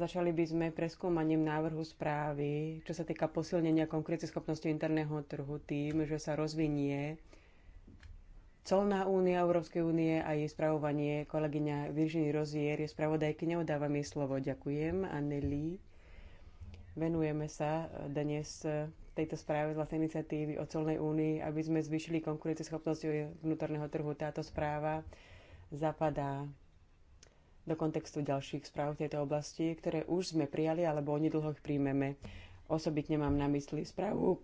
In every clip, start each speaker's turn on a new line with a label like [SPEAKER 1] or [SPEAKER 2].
[SPEAKER 1] Začali by sme preskúmaním návrhu správy, čo sa týka posilnenia schopnosti interného trhu tým, že sa rozvinie Colná únia Európskej únie a jej spravovanie. Kolegyňa Virginie Rozier je spravodajkyňa, odávam jej slovo. Ďakujem. Anneli. Venujeme sa dnes tejto správe z vlastnej iniciatívy o colnej únii, aby sme zvýšili konkurencieschopnosť vnútorného trhu. Táto správa zapadá do kontextu ďalších správ v tejto oblasti, ktoré už sme prijali alebo onedlho ich príjmeme. Osobitne mám na mysli správu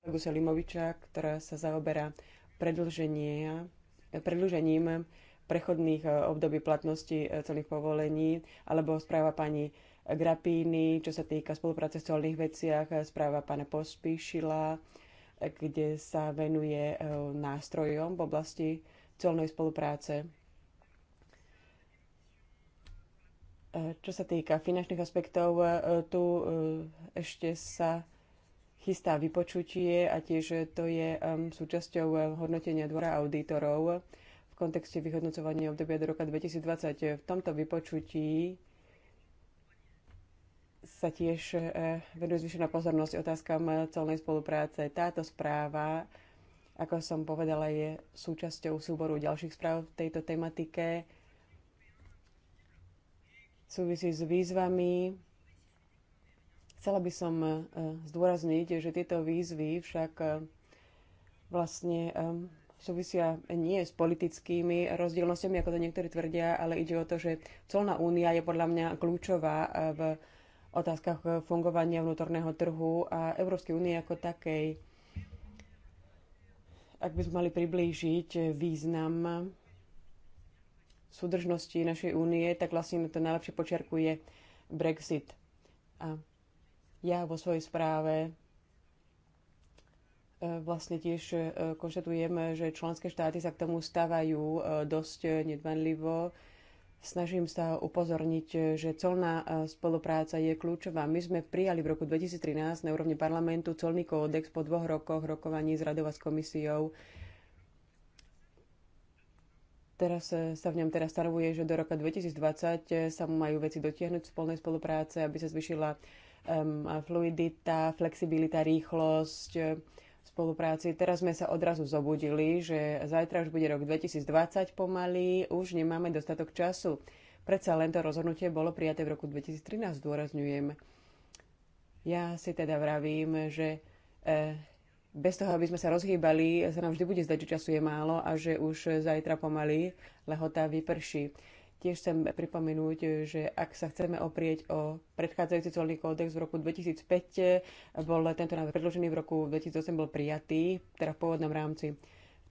[SPEAKER 1] kolegu Selimoviča, ktorá sa zaoberá predlžením prechodných e, období platnosti e, celných povolení, alebo správa pani Grapíny, čo sa týka spolupráce v celných veciach, e, správa pána Pospíšila, kde sa venuje nástrojom v oblasti celnej spolupráce. Čo sa týka finančných aspektov, e, tu e, ešte sa chystá vypočutie a tiež to je e, súčasťou hodnotenia dvora auditorov v kontexte vyhodnocovania obdobia do roka 2020. V tomto vypočutí sa tiež venuje zvyšená pozornosť otázkam celnej spolupráce. Táto správa, ako som povedala, je súčasťou súboru ďalších správ v tejto tematike súvisí s výzvami. Chcela by som eh, zdôrazniť, že tieto výzvy však eh, vlastne eh, súvisia nie s politickými rozdielnosťami, ako to niektorí tvrdia, ale ide o to, že colná únia je podľa mňa kľúčová v otázkach fungovania vnútorného trhu a Európskej únie ako takej. Ak by sme mali priblížiť význam súdržnosti našej únie, tak vlastne to najlepšie počiarkuje Brexit. A ja vo svojej správe e, vlastne tiež e, konštatujem, že členské štáty sa k tomu stávajú e, dosť nedbanlivo. Snažím sa upozorniť, že colná spolupráca je kľúčová. My sme prijali v roku 2013 na úrovni parlamentu colný kódex po dvoch rokoch rokovaní s radova s komisiou. Teraz e, sa v ňom teraz stanovuje, že do roka 2020 e, sa majú veci dotiahnuť v spolnej spolupráce, aby sa zvyšila um, fluidita, flexibilita, rýchlosť e, v spolupráci. Teraz sme sa odrazu zobudili, že zajtra už bude rok 2020 pomaly, už nemáme dostatok času. Predsa len to rozhodnutie bolo prijaté v roku 2013, zdôrazňujem. Ja si teda vravím, že bez toho, aby sme sa rozhýbali, sa nám vždy bude zdať, že času je málo a že už zajtra pomaly lehota vyprší. Tiež chcem pripomenúť, že ak sa chceme oprieť o predchádzajúci colný kódex v roku 2005, bol tento návrh predložený v roku 2008, bol prijatý, teda v pôvodnom rámci.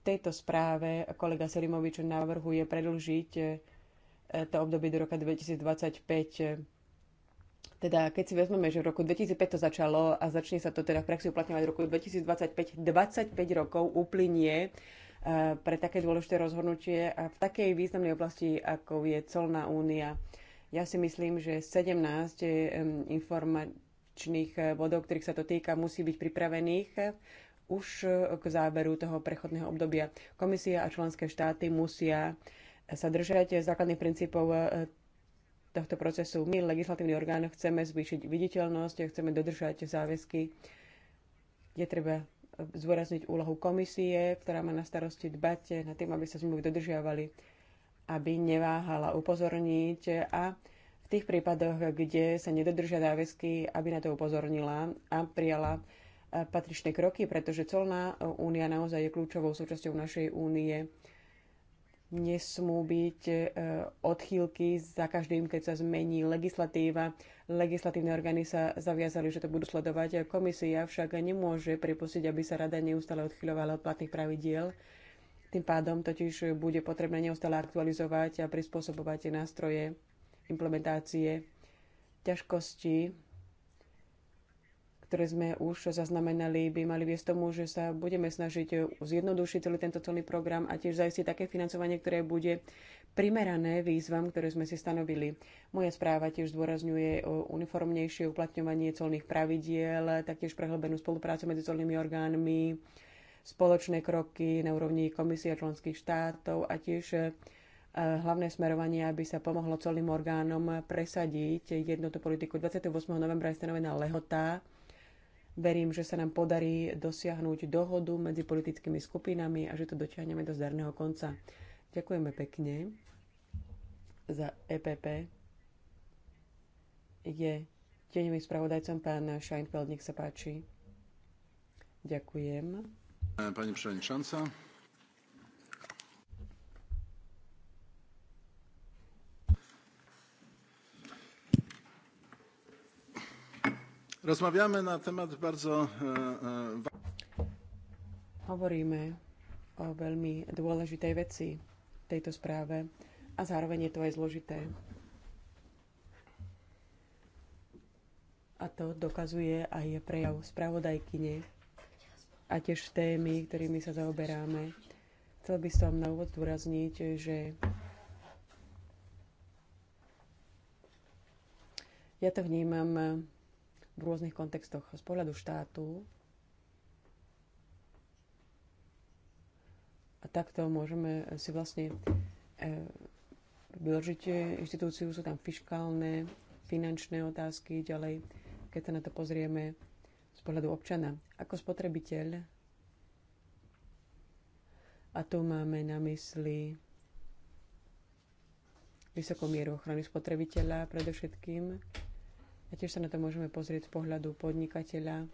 [SPEAKER 1] V tejto správe kolega Selimovič navrhuje predlžiť eh, to obdobie do roka 2025 teda keď si vezmeme, že v roku 2005 to začalo a začne sa to teda v praxi uplatňovať v roku 2025, 25 rokov uplynie eh, pre také dôležité rozhodnutie a v takej významnej oblasti, ako je colná únia. Ja si myslím, že 17 eh, informačných eh, bodov, ktorých sa to týka, musí byť pripravených už k záveru toho prechodného obdobia. Komisia a členské štáty musia sa držať základných princípov tohto procesu. My, legislatívny orgán, chceme zvýšiť viditeľnosť, chceme dodržať záväzky. Je treba zdôrazniť úlohu komisie, ktorá má na starosti dbať na tým, aby sa zmluvy dodržiavali, aby neváhala upozorniť a v tých prípadoch, kde sa nedodržia záväzky, aby na to upozornila a prijala e, patričné kroky, pretože colná e, únia naozaj je kľúčovou súčasťou našej únie nesmú byť e, odchýlky za každým, keď sa zmení legislatíva. Legislatívne orgány sa zaviazali, že to budú sledovať. Komisia však nemôže pripustiť, aby sa rada neustále odchýľovala od platných pravidiel. Tým pádom totiž bude potrebné neustále aktualizovať a prispôsobovať nástroje implementácie. Ťažkosti ktoré sme už zaznamenali, by mali viesť tomu, že sa budeme snažiť zjednodušiť celý tento celý program a tiež zajistiť také financovanie, ktoré bude primerané výzvam, ktoré sme si stanovili. Moja správa tiež zdôrazňuje uniformnejšie uplatňovanie colných pravidiel, taktiež prehlbenú spoluprácu medzi colnými orgánmi, spoločné kroky na úrovni komisie a členských štátov a tiež eh, hlavné smerovanie, aby sa pomohlo colným orgánom presadiť jednotu politiku. 28. novembra je stanovená lehota Verím, že sa nám podarí dosiahnuť dohodu medzi politickými skupinami a že to dotiahneme do zdarného konca. Ďakujeme pekne za EPP. Je tieňovým spravodajcom pán Scheinfeld, nech sa páči. Ďakujem.
[SPEAKER 2] Pani przewodnicząca. Rozmawiamy na temat bardzo... E,
[SPEAKER 1] e, Hovoríme o veľmi dôležitej veci v tejto správe a zároveň je to aj zložité. A to dokazuje aj prejav spravodajkyne a tiež témy, ktorými sa zaoberáme. Chcel by som na úvod zdôrazniť, že ja to vnímam v rôznych kontextoch. Z pohľadu štátu a takto môžeme si vlastne e, vyložiť e, inštitúciu, sú tam fiskálne, finančné otázky, ďalej, keď sa na to pozrieme z pohľadu občana. Ako spotrebiteľ a tu máme na mysli vysokú mieru ochrany spotrebiteľa predovšetkým. A tiež sa na to môžeme pozrieť z pohľadu podnikateľa,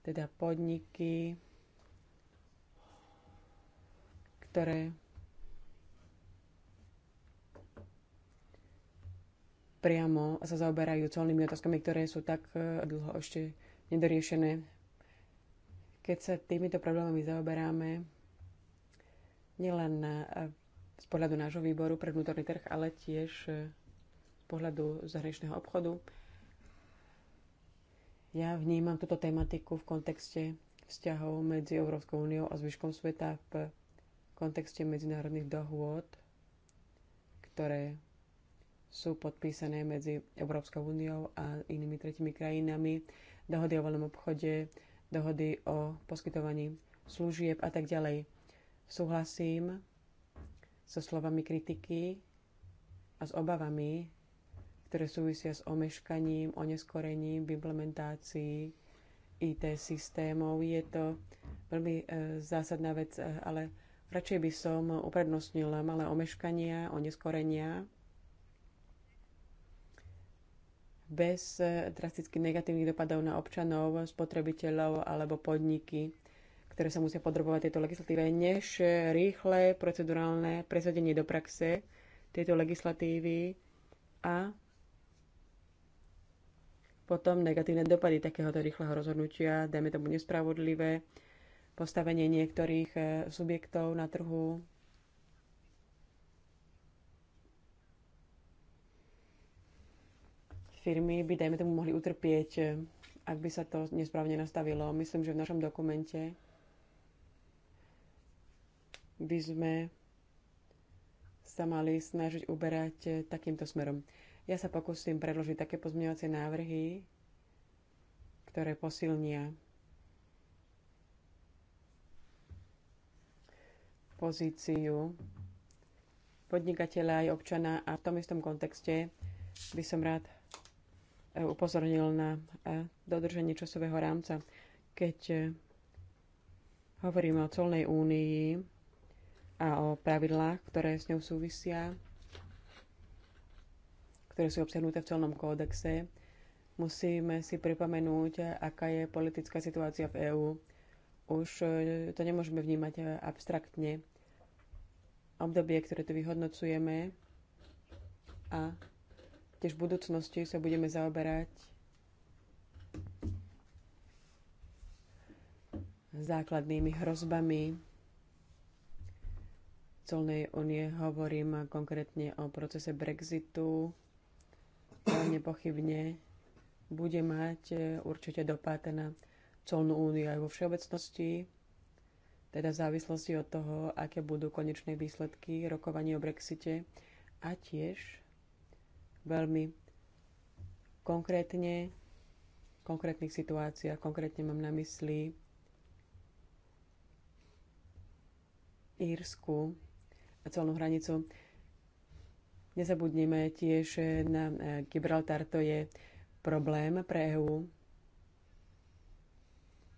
[SPEAKER 1] teda podniky, ktoré priamo sa zaoberajú colnými otázkami, ktoré sú tak e, dlho ešte nedoriešené. Keď sa týmito problémami zaoberáme, nielen e, z pohľadu nášho výboru pre vnútorný trh, ale tiež e, pohľadu zahraničného obchodu. Ja vnímam túto tematiku v kontexte vzťahov medzi Európskou úniou a zvyškom sveta v kontexte medzinárodných dohôd, ktoré sú podpísané medzi Európskou úniou a inými tretimi krajinami, dohody o voľnom obchode, dohody o poskytovaní služieb a tak ďalej. Súhlasím so slovami kritiky a s obavami, ktoré súvisia s omeškaním, oneskorením v implementácii IT systémov. Je to veľmi e, zásadná vec, e, ale radšej by som uprednostnila malé omeškania, oneskorenia bez e, drasticky negatívnych dopadov na občanov, spotrebiteľov alebo podniky, ktoré sa musia podrobovať tejto legislatíve, než rýchle procedurálne presadenie do praxe tejto legislatívy a potom negatívne dopady takéhoto rýchleho rozhodnutia, dajme tomu nespravodlivé postavenie niektorých eh, subjektov na trhu. Firmy by, dajme tomu, mohli utrpieť, eh, ak by sa to nesprávne nastavilo. Myslím, že v našom dokumente by sme sa mali snažiť uberať eh, takýmto smerom. Ja sa pokúsim predložiť také pozmeňovacie návrhy, ktoré posilnia pozíciu podnikateľa aj občana a v tom istom kontexte by som rád eh, upozornil na eh, dodržanie časového rámca. Keď eh, hovoríme o colnej únii a o pravidlách, ktoré s ňou súvisia, ktoré sú obsiahnuté v celnom kódexe, musíme si pripomenúť, aká je politická situácia v EÚ. Už e, to nemôžeme vnímať e, abstraktne. Obdobie, ktoré tu vyhodnocujeme a tiež v budúcnosti sa budeme zaoberať základnými hrozbami colnej únie. Hovorím konkrétne o procese Brexitu, nepochybne bude mať e, určite dopad na colnú úniu aj vo všeobecnosti, teda v závislosti od toho, aké budú konečné výsledky rokovania o Brexite a tiež veľmi konkrétne, konkrétnych situáciách, konkrétne mám na mysli Írsku a celnú hranicu. Nezabudnime tiež na e, Gibraltar, to je problém pre EU.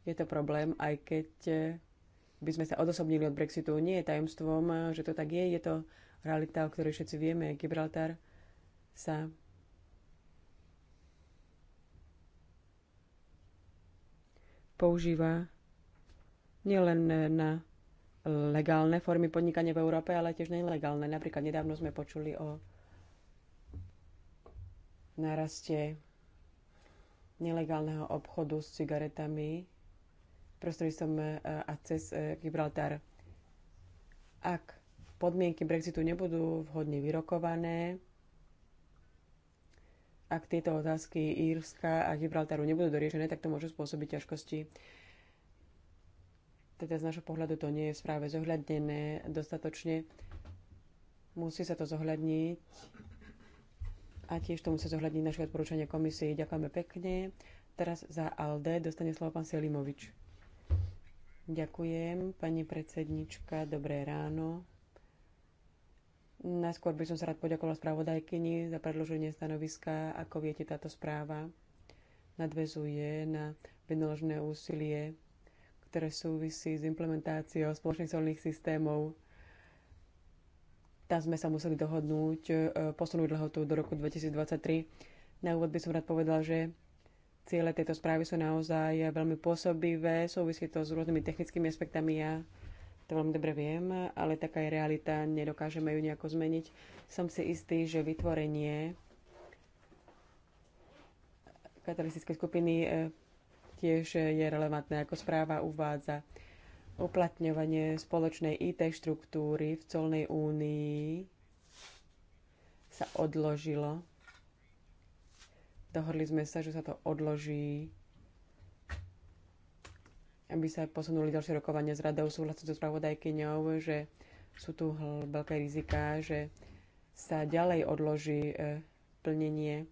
[SPEAKER 1] Je to problém, aj keď e, by sme sa odosobnili od Brexitu. Nie je tajomstvom, e, že to tak je. Je to realita, o ktorej všetci vieme. Gibraltar sa používa nielen na legálne formy podnikania v Európe, ale tiež nelegálne. Napríklad nedávno sme počuli o naraste nelegálneho obchodu s cigaretami prostredstvom e, a cez e, Gibraltar. Ak podmienky Brexitu nebudú vhodne vyrokované, ak tieto otázky Írska a Gibraltaru nebudú doriešené, tak to môže spôsobiť ťažkosti teda z nášho pohľadu to nie je správe zohľadnené dostatočne. Musí sa to zohľadniť a tiež to musí zohľadniť naše odporúčanie komisie. Ďakujeme pekne. Teraz za ALDE dostane slovo pán Selimovič. Ďakujem, pani predsednička. Dobré ráno. Najskôr by som sa rád poďakovala spravodajkyni za predloženie stanoviska. Ako viete, táto správa nadvezuje na vynaložené úsilie ktoré súvisí s implementáciou spoločných solných systémov. Tam sme sa museli dohodnúť, e, posunúť lehotu do roku 2023. Na úvod by som rád povedal, že ciele tejto správy sú naozaj veľmi pôsobivé, súvisí to s rôznymi technickými aspektami. Ja to veľmi dobre viem, ale taká je realita, nedokážeme ju nejako zmeniť. Som si istý, že vytvorenie katalistickej skupiny e, Tiež je relevantné, ako správa uvádza, uplatňovanie spoločnej IT štruktúry v colnej únii sa odložilo. Dohodli sme sa, že sa to odloží, aby sa posunuli ďalšie rokovania s radou. Súhlasím so spravodajkyňou, že sú tu veľké riziká, že sa ďalej odloží e, plnenie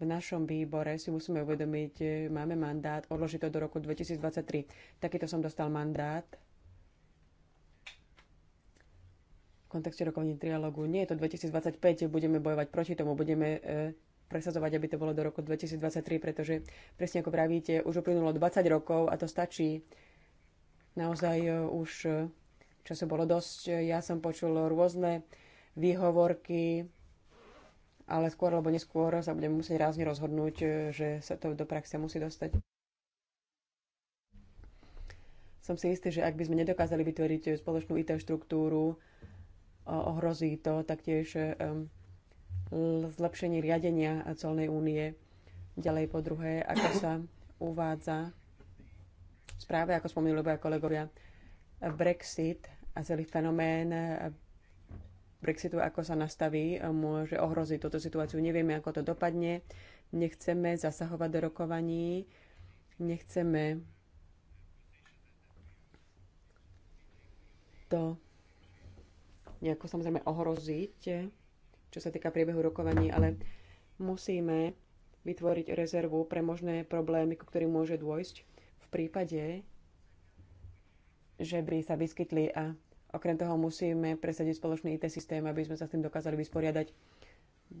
[SPEAKER 1] v našom výbore si musíme uvedomiť, máme mandát odložiť to do roku 2023. Takýto som dostal mandát v kontexte rokovní trialogu. Nie je to 2025, budeme bojovať proti tomu, budeme e, presadzovať, aby to bolo do roku 2023, pretože presne ako pravíte, už uplynulo 20 rokov a to stačí. Naozaj e, už e, času bolo dosť. Ja som počul rôzne výhovorky, ale skôr alebo neskôr sa budeme musieť rázne rozhodnúť, e, že sa to do praxe musí dostať. Som si istý, že ak by sme nedokázali vytvoriť spoločnú IT štruktúru, e, ohrozí to taktiež e, zlepšenie riadenia celnej únie. Ďalej po druhé, ako sa uvádza v správe, ako spomínali obaja kolegovia, Brexit a celý fenomén Brexitu, ako sa nastaví, e, môže ohroziť túto situáciu. Nevieme, ako to dopadne. Nechceme zasahovať do rokovaní. Nechceme to nejako samozrejme ohroziť, čo sa týka priebehu rokovaní, ale musíme vytvoriť rezervu pre možné problémy, ku ktorým môže dôjsť v prípade, že by sa vyskytli a Okrem toho musíme presadiť spoločný IT systém, aby sme sa s tým dokázali vysporiadať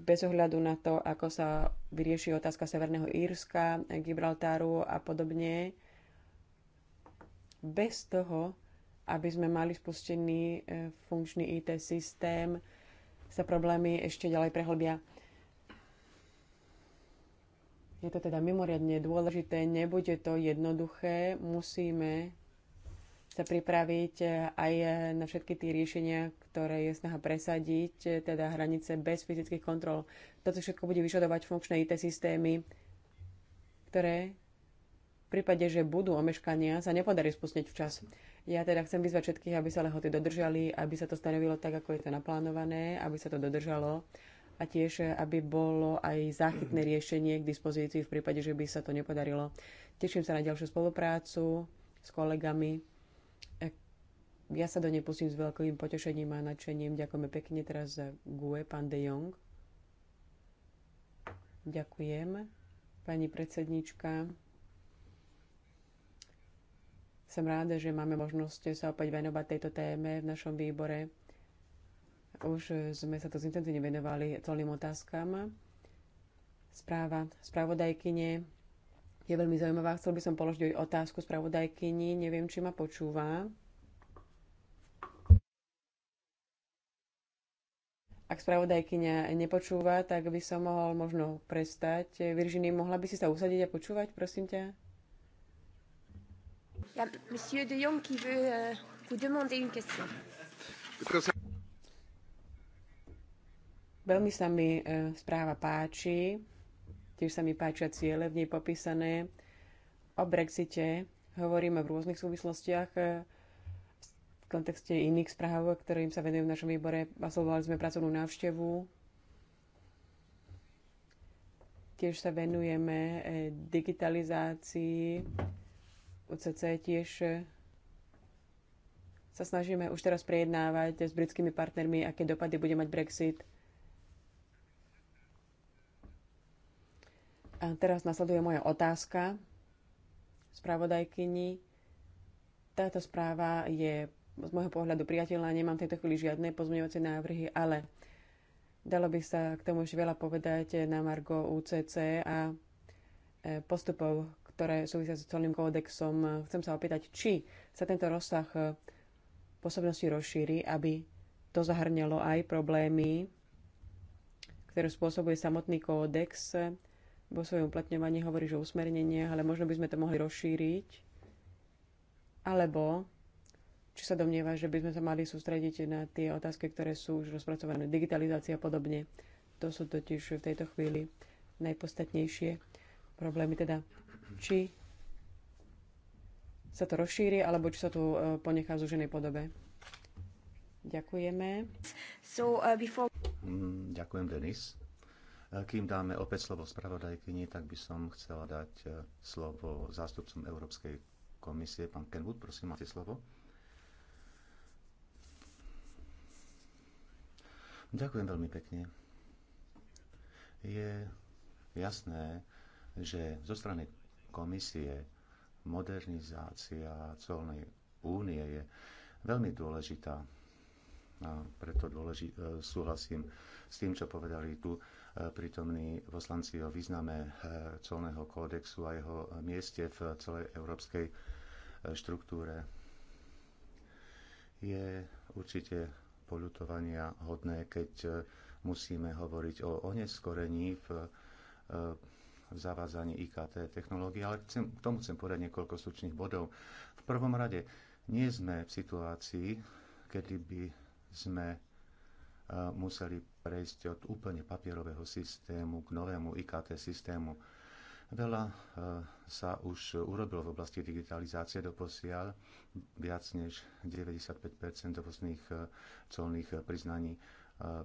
[SPEAKER 1] bez ohľadu na to, ako sa vyrieši otázka Severného Írska, Gibraltáru a podobne. Bez toho, aby sme mali spustený e, funkčný IT systém, sa problémy ešte ďalej prehlbia. Je to teda mimoriadne dôležité, nebude to jednoduché, musíme sa pripraviť e, aj e, na všetky tie riešenia, ktoré je snaha presadiť, e, teda hranice bez fyzických kontrol. Toto všetko bude vyžadovať funkčné IT systémy, ktoré v prípade, že budú omeškania, sa nepodarí spustiť včas. Ja teda chcem vyzvať všetkých, aby sa lehoty dodržali, aby sa to stanovilo tak, ako je to naplánované, aby sa to dodržalo a tiež, aby bolo aj záchytné riešenie k dispozícii v prípade, že by sa to nepodarilo. Teším sa na ďalšiu spoluprácu s kolegami ja sa do nej pustím s veľkým potešením a nadšením. Ďakujeme pekne teraz za GUE, pán De Jong. Ďakujem, pani predsednička. Som ráda, že máme možnosť sa opäť venovať tejto téme v našom výbore. Už sme sa to zintenzívne venovali celým otázkam. Správa spravodajkyne je veľmi zaujímavá. Chcel by som položiť otázku spravodajkyni. Neviem, či ma počúva. Ak spravodajkyňa nepočúva, tak by som mohol možno prestať. Virginie, mohla by si sa usadiť a počúvať, prosím ťa?
[SPEAKER 3] Ja, monsieur de Jong qui veut euh, vous demander une question.
[SPEAKER 1] Veľmi sa mi e, správa páči. Tiež sa mi páčia ciele v nej popísané. O Brexite hovoríme v rôznych súvislostiach e, v kontexte iných správ, ktorým sa venujú v našom výbore. Absolvovali sme pracovnú návštevu. Tiež sa venujeme e, digitalizácii UCC, tiež e, sa snažíme už teraz prejednávať s britskými partnermi, aké dopady bude mať Brexit A teraz nasleduje moja otázka spravodajkyni. Táto správa je z môjho pohľadu priateľná, nemám v tejto chvíli žiadne pozmeňovacie návrhy, ale dalo by sa k tomu ešte veľa povedať na Margo UCC a e, postupov, ktoré súvisia s celým kódexom. Chcem sa opýtať, či sa tento rozsah e, pôsobnosti rozšíri, aby to zahrňalo aj problémy, ktoré spôsobuje samotný kódex vo svojom uplatňovaní hovorí, že usmernenie, ale možno by sme to mohli rozšíriť. Alebo či sa domnieva, že by sme sa mali sústrediť na tie otázky, ktoré sú už rozpracované, digitalizácia a podobne. To sú totiž v tejto chvíli najpodstatnejšie problémy. Teda, či sa to rozšíri, alebo či sa tu e, ponechá v zúženej podobe. Ďakujeme. So, uh, before...
[SPEAKER 4] mm, ďakujem, Denis. Kým dáme opäť slovo spravodajkyni, tak by som chcela dať e, slovo zástupcom Európskej komisie. Pán Kenwood, prosím, máte slovo. Ďakujem veľmi pekne. Je jasné, že zo strany komisie modernizácia colnej únie je veľmi dôležitá. A preto dôleži- e, súhlasím s tým, čo povedali tu prítomní poslanci o význame eh, colného kódexu a jeho eh, mieste v celej európskej eh, štruktúre. Je určite poľutovania hodné, keď musíme hovoriť o oneskorení v, v zavádzaní IKT technológií, ale chcem, k tomu chcem povedať niekoľko slučných bodov. V prvom rade, nie sme v situácii, kedy by sme museli prejsť od úplne papierového systému k novému IKT systému. Veľa e, sa už urobilo v oblasti digitalizácie do posiaľ, viac než 95 rôznych e, colných priznaní e,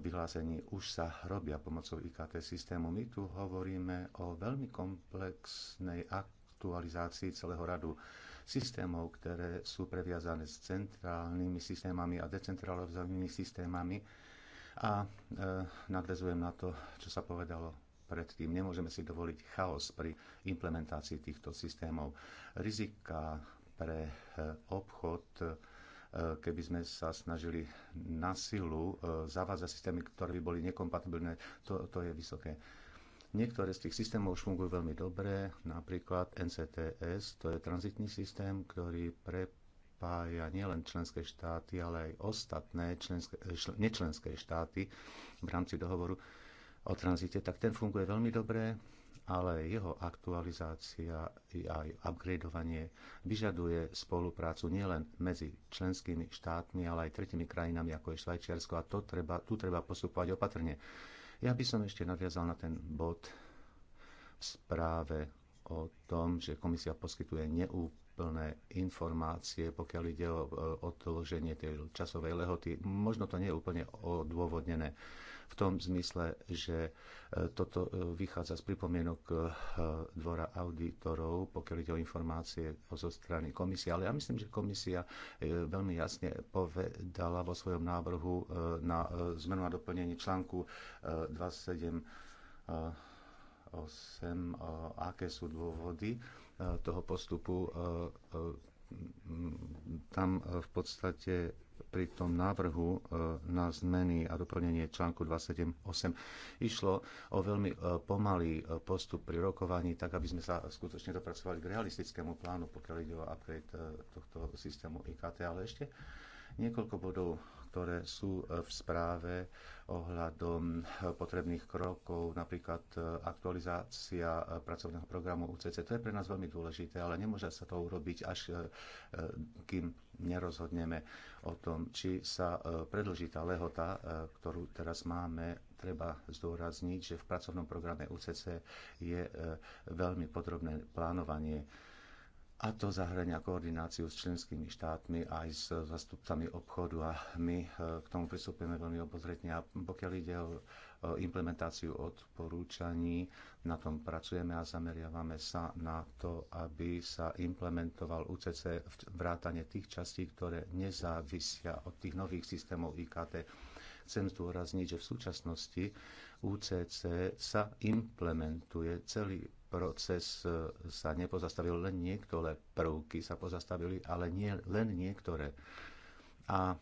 [SPEAKER 4] vyhlásení už sa robia pomocou IKT systému. My tu hovoríme o veľmi komplexnej aktualizácii celého radu systémov, ktoré sú previazané s centrálnymi systémami a decentralizovanými systémami a e, nadvezujem na to, čo sa povedalo predtým. Nemôžeme si dovoliť chaos pri implementácii týchto systémov. Rizika pre e, obchod, e, keby sme sa snažili na silu zavázať systémy, ktoré by boli nekompatibilné, to, to je vysoké. Niektoré z tých systémov už fungujú veľmi dobre, napríklad NCTS, to je tranzitný systém, ktorý pre spája nielen členské štáty, ale aj ostatné členské, šl, eh, nečlenské štáty v rámci dohovoru o tranzite, tak ten funguje veľmi dobre, ale jeho aktualizácia i aj upgradeovanie vyžaduje spoluprácu nielen medzi členskými štátmi, ale aj tretimi krajinami, ako je Švajčiarsko, a to treba, tu treba postupovať opatrne. Ja by som ešte nadviazal na ten bod v správe o tom, že komisia poskytuje neúplne plné informácie, pokiaľ ide o e, odloženie tej časovej lehoty. Možno to nie je úplne odôvodnené v tom zmysle, že e, toto e, vychádza z pripomienok dvora auditorov, pokiaľ ide o informácie zo strany komisie. Ale ja myslím, že komisia veľmi jasne povedala vo svojom návrhu na zmenu a doplnenie článku 27 8, aké sú dôvody Eh, toho postupu. Eh, eh, tam v podstate pri tom návrhu na zmeny a doplnenie článku 278 išlo o veľmi pomalý postup pri rokovaní, tak aby sme sa skutočne dopracovali k realistickému plánu, pokiaľ ide o upgrade tohto systému IKT. Ale ešte niekoľko bodov ktoré sú e, v správe ohľadom e, potrebných krokov, napríklad e, aktualizácia pracovného programu UCC. To je pre nás veľmi dôležité, ale nemôže sa to urobiť, až kým nerozhodneme o tom, či sa predlží tá lehota, ktorú teraz máme treba zdôrazniť, že v pracovnom programe UCC je veľmi podrobné plánovanie a to zahrania koordináciu s členskými štátmi aj s zastupcami obchodu a my eh, k tomu pristupujeme veľmi obozretne a pokiaľ ide o eh, implementáciu odporúčaní, na tom pracujeme a zameriavame sa na to, aby sa implementoval UCC vrátane tých častí, ktoré nezávisia od tých nových systémov IKT. Chcem zdôrazniť, že v súčasnosti UCC sa implementuje celý proces e, sa nepozastavil len niektoré prvky sa pozastavili, ale nie len niektoré. A e,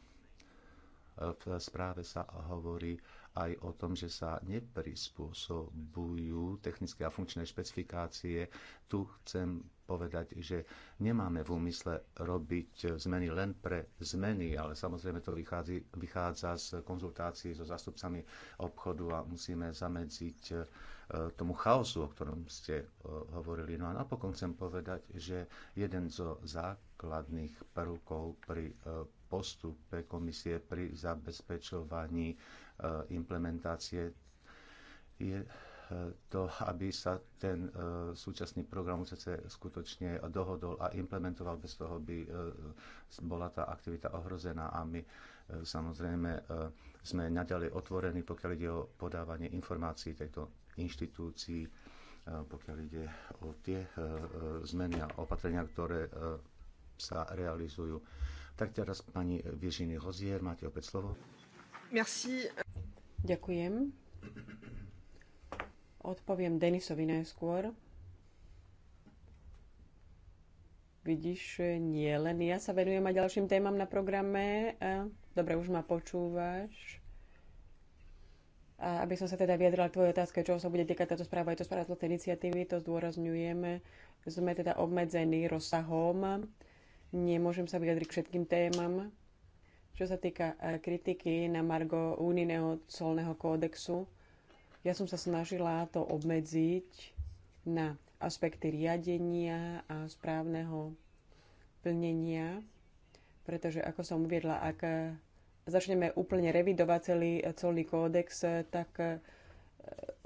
[SPEAKER 4] v správe sa hovorí aj o tom, že sa neprispôsobujú technické a funkčné špecifikácie. Tu chcem povedať, že nemáme v úmysle robiť zmeny len pre zmeny, ale samozrejme to vychádza, vychádza z konzultácií so zástupcami obchodu a musíme zamedziť e, tomu chaosu, o ktorom ste e, hovorili. No a napokon chcem povedať, že jeden zo základných prvkov pri e, postupe komisie pri zabezpečovaní Eh, implementácie je eh, to, aby sa ten eh, súčasný program UCC skutočne dohodol a implementoval. Bez toho by bola tá aktivita ohrozená a my samozrejme sme naďalej otvorení, pokiaľ ide o podávanie informácií tejto inštitúcii, pokiaľ ide o tie zmeny a opatrenia, ktoré sa realizujú. Tak teraz pani Virginie Hozier máte opäť slovo.
[SPEAKER 1] Merci, Ďakujem. Odpoviem Denisovi najskôr. Vidíš, nie len ja sa venujem a ďalším témam na programe. Dobre, už ma počúvaš. A aby som sa teda vyjadrala k tvojej otázke, čo sa bude týkať táto správa, je to správa zlaté iniciatívy, to zdôrazňujeme. Sme teda obmedzení rozsahom. Nemôžem sa vyjadriť k všetkým témam. Čo sa týka e, kritiky na Margo Únineho colného kódexu, ja som sa snažila to obmedziť na aspekty riadenia a správneho plnenia, pretože ako som uviedla, ak e, začneme úplne revidovať celý e, colný kódex, tak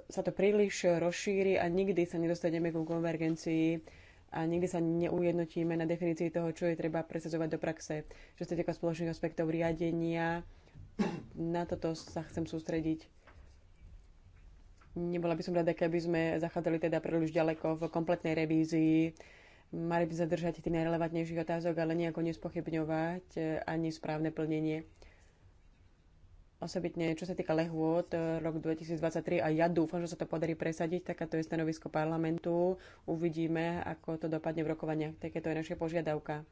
[SPEAKER 1] sa to príliš rozšíri a nikdy sa nedostaneme ku konvergencii a nikdy sa neujednotíme na definícii toho, čo je treba presadzovať do praxe. Čo sa týka spoločných aspektov riadenia, na toto sa chcem sústrediť. Nebola by som rada, keby sme zachádzali teda príliš ďaleko v kompletnej revízii. Mali by zadržať tých najrelevantnejších otázok, ale nejako nespochybňovať eh, ani správne plnenie osobitne čo sa týka lehôd eh, rok 2023 a ja dúfam, že sa to podarí presadiť, to je stanovisko parlamentu. Uvidíme, ako to dopadne v rokovaniach. Takéto je naša požiadavka.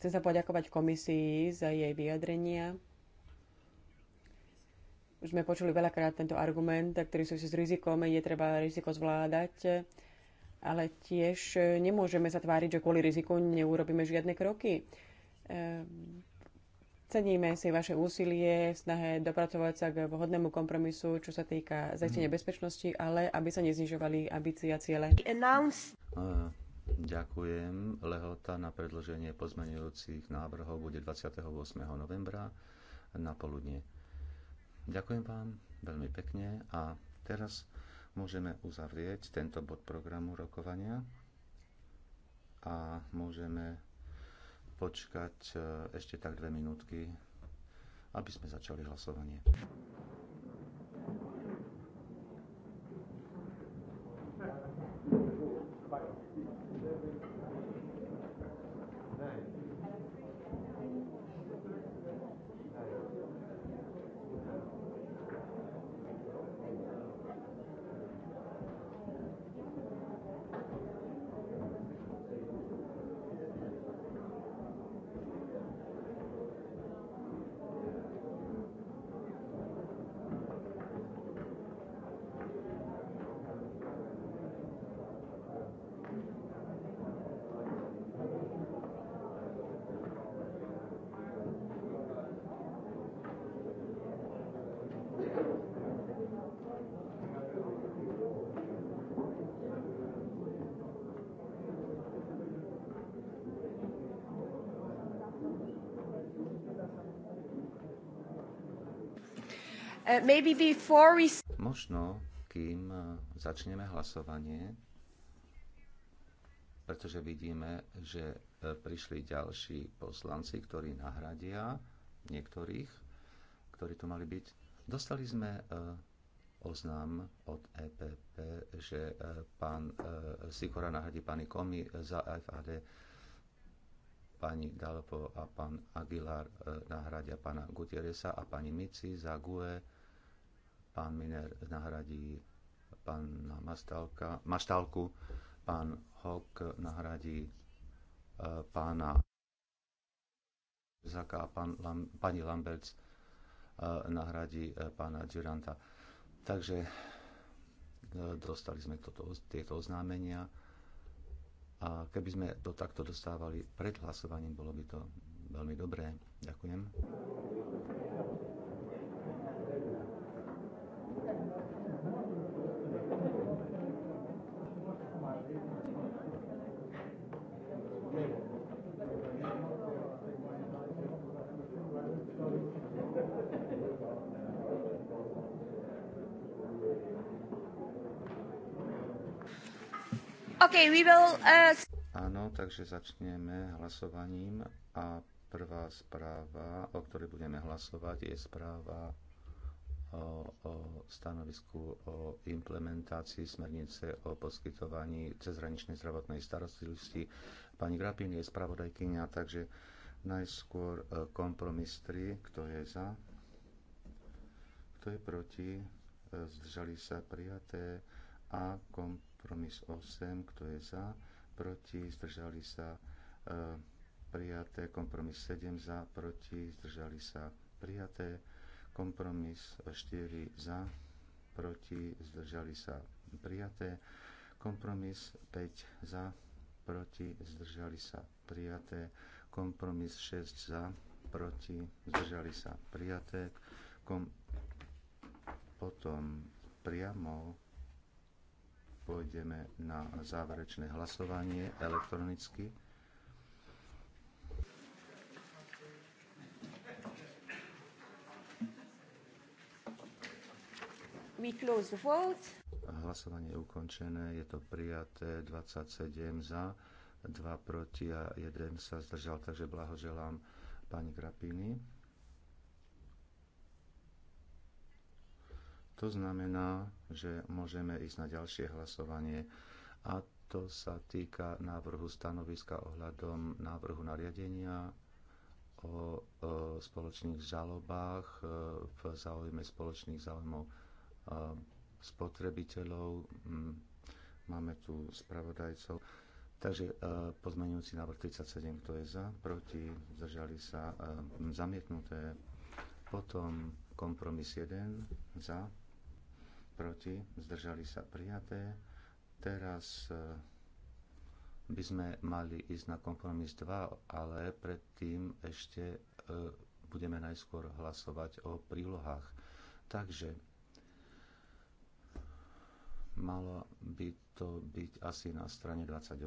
[SPEAKER 1] Chcem sa poďakovať komisii za jej vyjadrenia. Už sme počuli veľakrát tento argument, ktorý súvisí s rizikom, je treba riziko zvládať, ale tiež nemôžeme sa tváriť, že kvôli riziku neurobíme žiadne kroky ehm, Ceníme si vaše úsilie v snahe dopracovať sa k vhodnému kompromisu, čo sa týka mm. bezpečnosti, ale aby sa neznižovali ambície a ciele.
[SPEAKER 4] Ďakujem. Lehota na predloženie pozmenujúcich návrhov bude 28. novembra na poludne. Ďakujem vám veľmi pekne a teraz môžeme uzavrieť tento bod programu rokovania a môžeme počkať e, ešte tak dve minútky, aby sme začali hlasovanie.
[SPEAKER 3] Uh, maybe before we...
[SPEAKER 4] Možno, kým uh, začneme hlasovanie, pretože vidíme, že uh, prišli ďalší poslanci, ktorí nahradia niektorých, ktorí tu mali byť. Dostali sme oznám od EPP, že pán Sikora nahradí pani Komi za FAD pani Galpo a pán Aguilar nahradia pána Gutieresa a pani Mici za GUE Pán Miner nahradí pána Maštálku, pán Hok nahradí e, pána Zaka a pán, Lam, pani Lamberts e, nahradí e, pána Duranta. Takže dostali sme toto, tieto oznámenia a keby sme to takto dostávali pred hlasovaním, bolo by to veľmi dobré. Ďakujem.
[SPEAKER 3] Okay, we will, uh...
[SPEAKER 4] Áno, takže začneme hlasovaním a prvá správa, o ktorej budeme hlasovať, je správa o, o stanovisku o implementácii smernice o poskytovaní cezhraničnej zdravotnej starostlivosti. Pani Grapin je spravodajkynia, takže najskôr e, kompromis 3, kto je za, kto je proti, e, zdržali sa prijaté a kompromis Kompromis 8, kto je za, proti, zdržali sa e, prijaté. Kompromis 7 za, proti, zdržali sa prijaté. Kompromis 4 za, proti, zdržali sa prijaté. Kompromis 5 za, proti, zdržali sa prijaté. Kompromis 6 za, proti, zdržali sa prijaté. Kom- potom priamo pôjdeme na záverečné hlasovanie elektronicky.
[SPEAKER 3] We close the vote.
[SPEAKER 4] Hlasovanie je ukončené, je to prijaté 27 za, 2 proti a 1 sa zdržal, takže blahoželám pani Grapini. To znamená, že môžeme ísť na ďalšie hlasovanie a to sa týka návrhu stanoviska ohľadom návrhu nariadenia o spoločných žalobách e, v záujme spoločných záujmov e, spotrebiteľov. Mm, máme tu spravodajcov. Takže e, pozmenujúci návrh 37, kto je za, proti, zdržali sa zamietnuté. Potom kompromis 1, za, proti, zdržali sa prijaté. Teraz e, by sme mali ísť na kompromis 2, ale predtým ešte e, budeme najskôr hlasovať o prílohách. Takže malo by to byť asi na strane 28.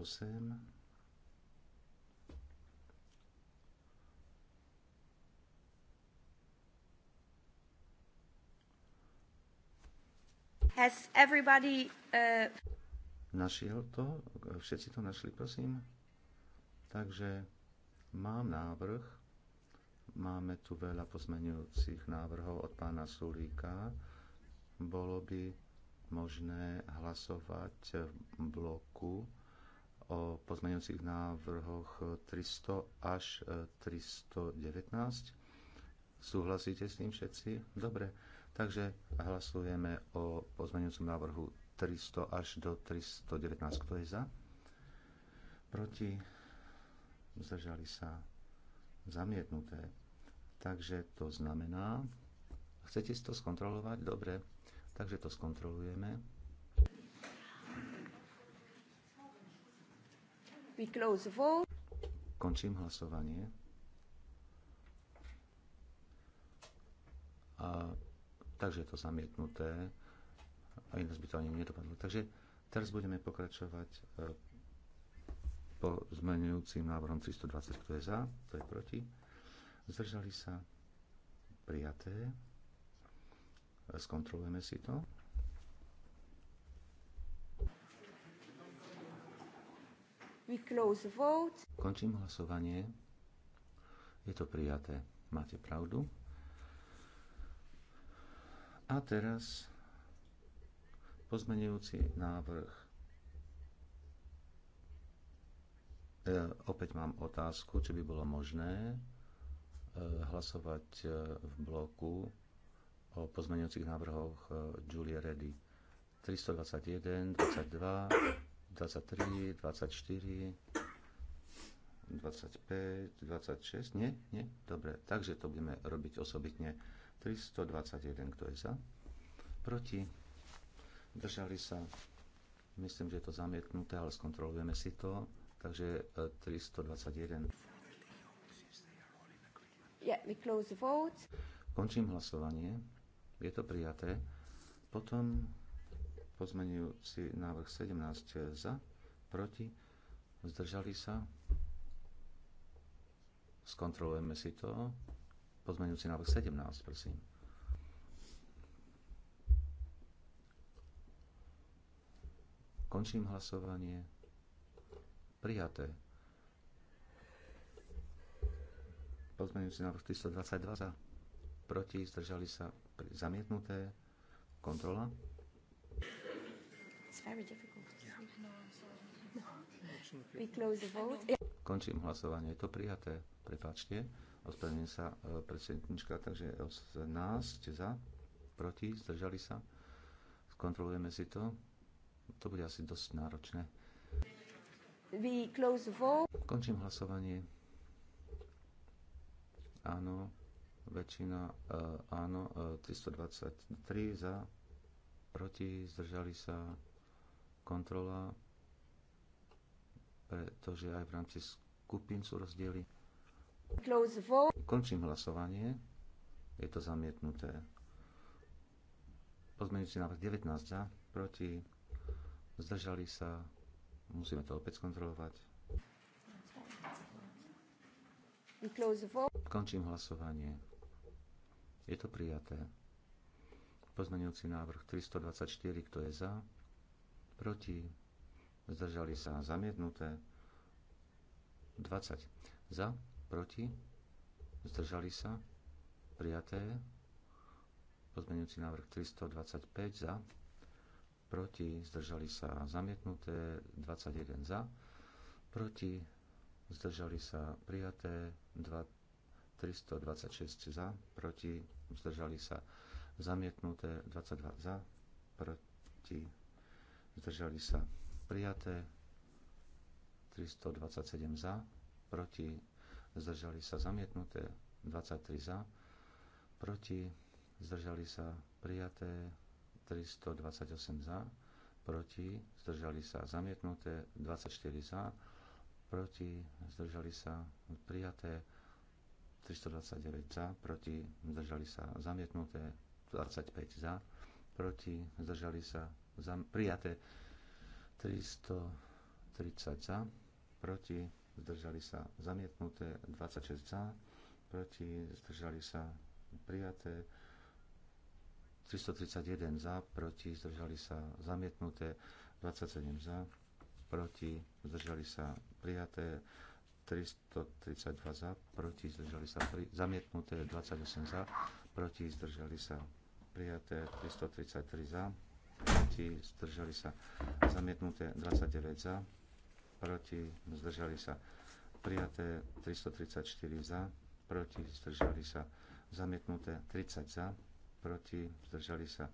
[SPEAKER 3] Has everybody... Uh...
[SPEAKER 4] Našiel to? Všetci to našli, prosím? Takže mám návrh. Máme tu veľa pozmenujúcich návrhov od pána Sulíka. Bolo by možné hlasovať v bloku o pozmeňujúcich návrhoch 300 až 319. Súhlasíte s tým všetci? Dobre. Takže hlasujeme o pozmeňujúcom návrhu 300 až do 319. Kto je za? Proti? Zdržali sa? Zamietnuté. Takže to znamená... Chcete si to skontrolovať? Dobre. Takže to skontrolujeme. Končím hlasovanie. A takže je to zamietnuté a ináč by to ani nedopadlo. Takže teraz budeme pokračovať e, po zmenujúcim návrhom 320, kto je za, kto je proti. Zdržali sa prijaté. E, skontrolujeme si to.
[SPEAKER 3] We close vote.
[SPEAKER 4] Končím hlasovanie. Je to prijaté. Máte pravdu. A teraz pozmenujúci návrh. E, opäť mám otázku, či by bolo možné e, hlasovať e, v bloku o pozmenujúcich návrhoch e, Julie Reddy 321, 22, 23, 24, 25, 26, nie? Nie? Dobre, takže to budeme robiť osobitne 321, kto je za? Proti? Držali sa? Myslím, že je to zamietnuté, ale skontrolujeme si to. Takže 321. E,
[SPEAKER 3] yeah, we close the vote.
[SPEAKER 4] Končím hlasovanie. Je to prijaté. Potom pozmenujúci návrh 17 e, za, proti, zdržali sa. Skontrolujeme si to. Pozmeňujúci návrh 17, prosím. Končím hlasovanie. Prijaté. Pozmeňujúci návrh 322 za. Proti, zdržali sa zamietnuté. Kontrola. Končím hlasovanie. Je to prijaté. Prepačte. Ospravedlňujem sa e, predsednička, takže 18 za, proti, zdržali sa. Skontrolujeme si to. To bude asi dosť náročné. Končím hlasovanie. Áno, väčšina e, áno, 323 e, za, proti, zdržali sa, kontrola, pretože aj v rámci skupín sú rozdiely. Končím hlasovanie. Je to zamietnuté. Pozmeňujúci návrh 19 za, proti, zdržali sa, musíme to opäť skontrolovať. Končím hlasovanie. Je to prijaté. Pozmeňujúci návrh 324, kto je za, proti, zdržali sa, zamietnuté, 20 za, proti, zdržali sa, prijaté. Pozmeňujúci návrh 325 za, proti, zdržali sa, zamietnuté, 21 za, proti, zdržali sa, prijaté, 2, 326 za, proti, zdržali sa, zamietnuté, 22 za, proti, zdržali sa, prijaté, 327 za, proti, zdržali sa zamietnuté 23 za, proti zdržali sa prijaté 328 za, proti zdržali sa zamietnuté 24 za, proti zdržali sa prijaté 329 za, proti zdržali sa zamietnuté 25 za, proti zdržali sa prijaté 330 za, proti zdržali sa zamietnuté, 26 za, proti, zdržali sa prijaté, 331 za, proti, zdržali sa zamietnuté, 27 za, proti, zdržali sa prijaté, 332 za, proti, zdržali sa pri, zamietnuté, 28 za, proti, zdržali sa prijaté, 333 za, proti, zdržali sa zamietnuté, 29 za, proti, zdržali sa prijaté 334 za, proti, zdržali sa zamietnuté 30 za, proti, zdržali sa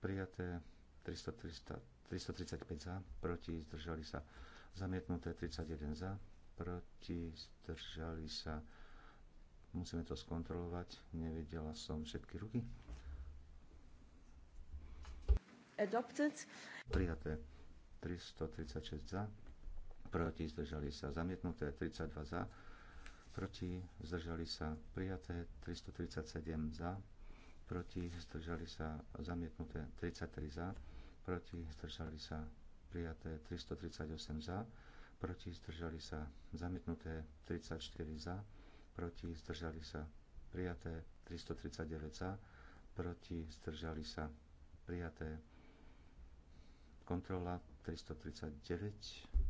[SPEAKER 4] prijaté 300, 300, 335 za, proti, zdržali sa zamietnuté 31 za, proti, zdržali sa musíme to skontrolovať, nevedela som všetky ruky adopted. Prijaté 336 za, proti, zdržali sa zamietnuté, 32 za, proti, zdržali sa prijaté, 337 za, proti, zdržali sa zamietnuté, 33 za, proti, zdržali sa prijaté, 338 za, proti, zdržali sa zamietnuté, 34 za, proti, zdržali sa prijaté, 339 za, proti, zdržali sa prijaté, kontrola 339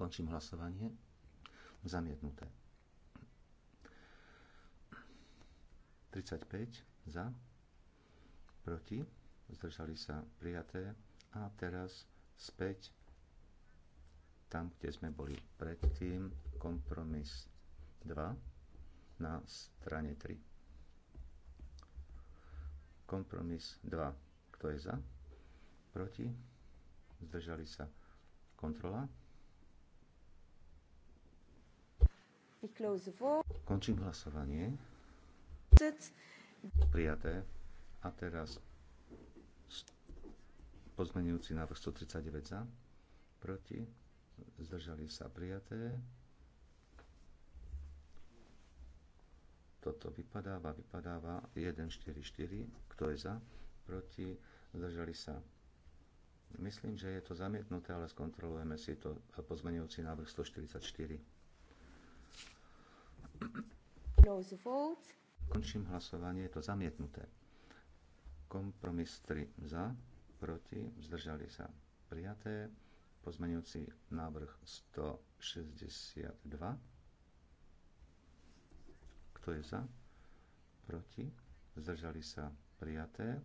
[SPEAKER 4] Končím hlasovanie. Zamietnuté. 35 za, proti, zdržali sa prijaté a teraz späť tam, kde sme boli predtým, kompromis 2 na strane 3. Kompromis 2. Kto je za? Proti? Zdržali sa kontrola? Končím hlasovanie. Prijaté. A teraz pozmenujúci návrh 139 za. Proti. Zdržali sa prijaté. Toto vypadáva, vypadáva 4. Kto je za? Proti. Zdržali sa Myslím, že je to zamietnuté, ale skontrolujeme si to. Pozmenujúci návrh 144.
[SPEAKER 3] Those votes.
[SPEAKER 4] Končím hlasovanie, je to zamietnuté. Kompromis 3 za, proti, zdržali sa prijaté. Pozmeňujúci návrh 162. Kto je za? Proti? Zdržali sa prijaté.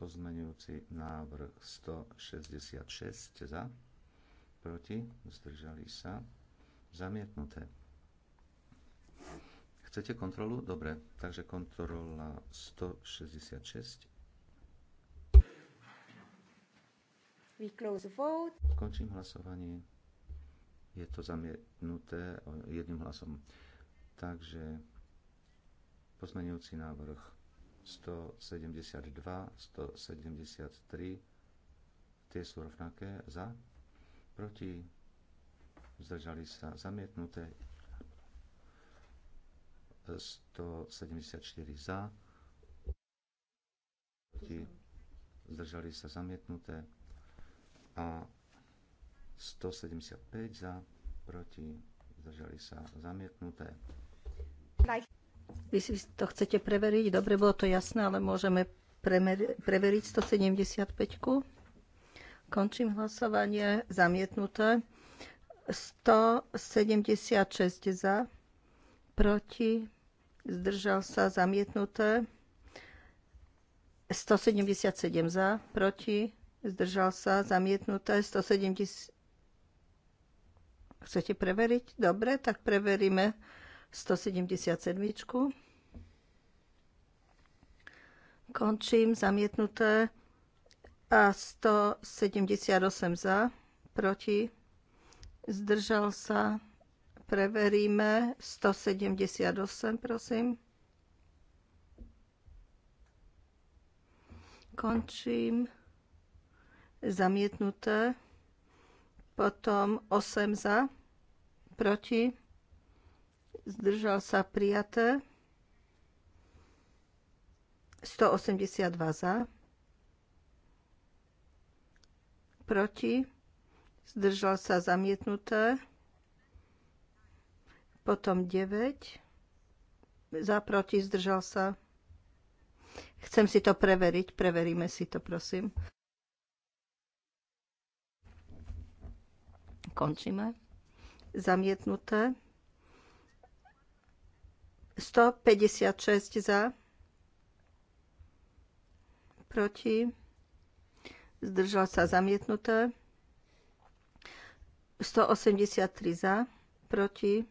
[SPEAKER 4] Pozmenujúci návrh 166 za. Proti? Zdržali sa. Zamietnuté. Chcete kontrolu? Dobre, takže kontrola 166.
[SPEAKER 3] We close vote.
[SPEAKER 4] Končím hlasovanie. Je to zamietnuté jedným hlasom. Takže pozmenujúci návrh 172, 173, tie sú rovnaké za, proti, zdržali sa zamietnuté 174 za, proti, zdržali sa zamietnuté a 175 za, proti, zdržali sa zamietnuté.
[SPEAKER 2] Vy si to chcete preveriť? Dobre, bolo to jasné, ale môžeme preveriť 175. -ku. Končím hlasovanie. Zamietnuté. 176 za, proti, zdržal sa, zamietnuté. 177 za, proti, zdržal sa, zamietnuté. 170... Chcete preveriť? Dobre, tak preveríme 177. Končím, zamietnuté. A 178 za, proti, zdržal sa, preveríme. 178, prosím. Končím. Zamietnuté. Potom 8 za. Proti. Zdržal sa prijaté. 182 za. Proti. Zdržal sa zamietnuté. Potom 9. Za, proti, zdržal sa. Chcem si to preveriť. Preveríme si to, prosím. Končíme. Zamietnuté. 156 za. Proti. Zdržal sa zamietnuté. 183 za. Proti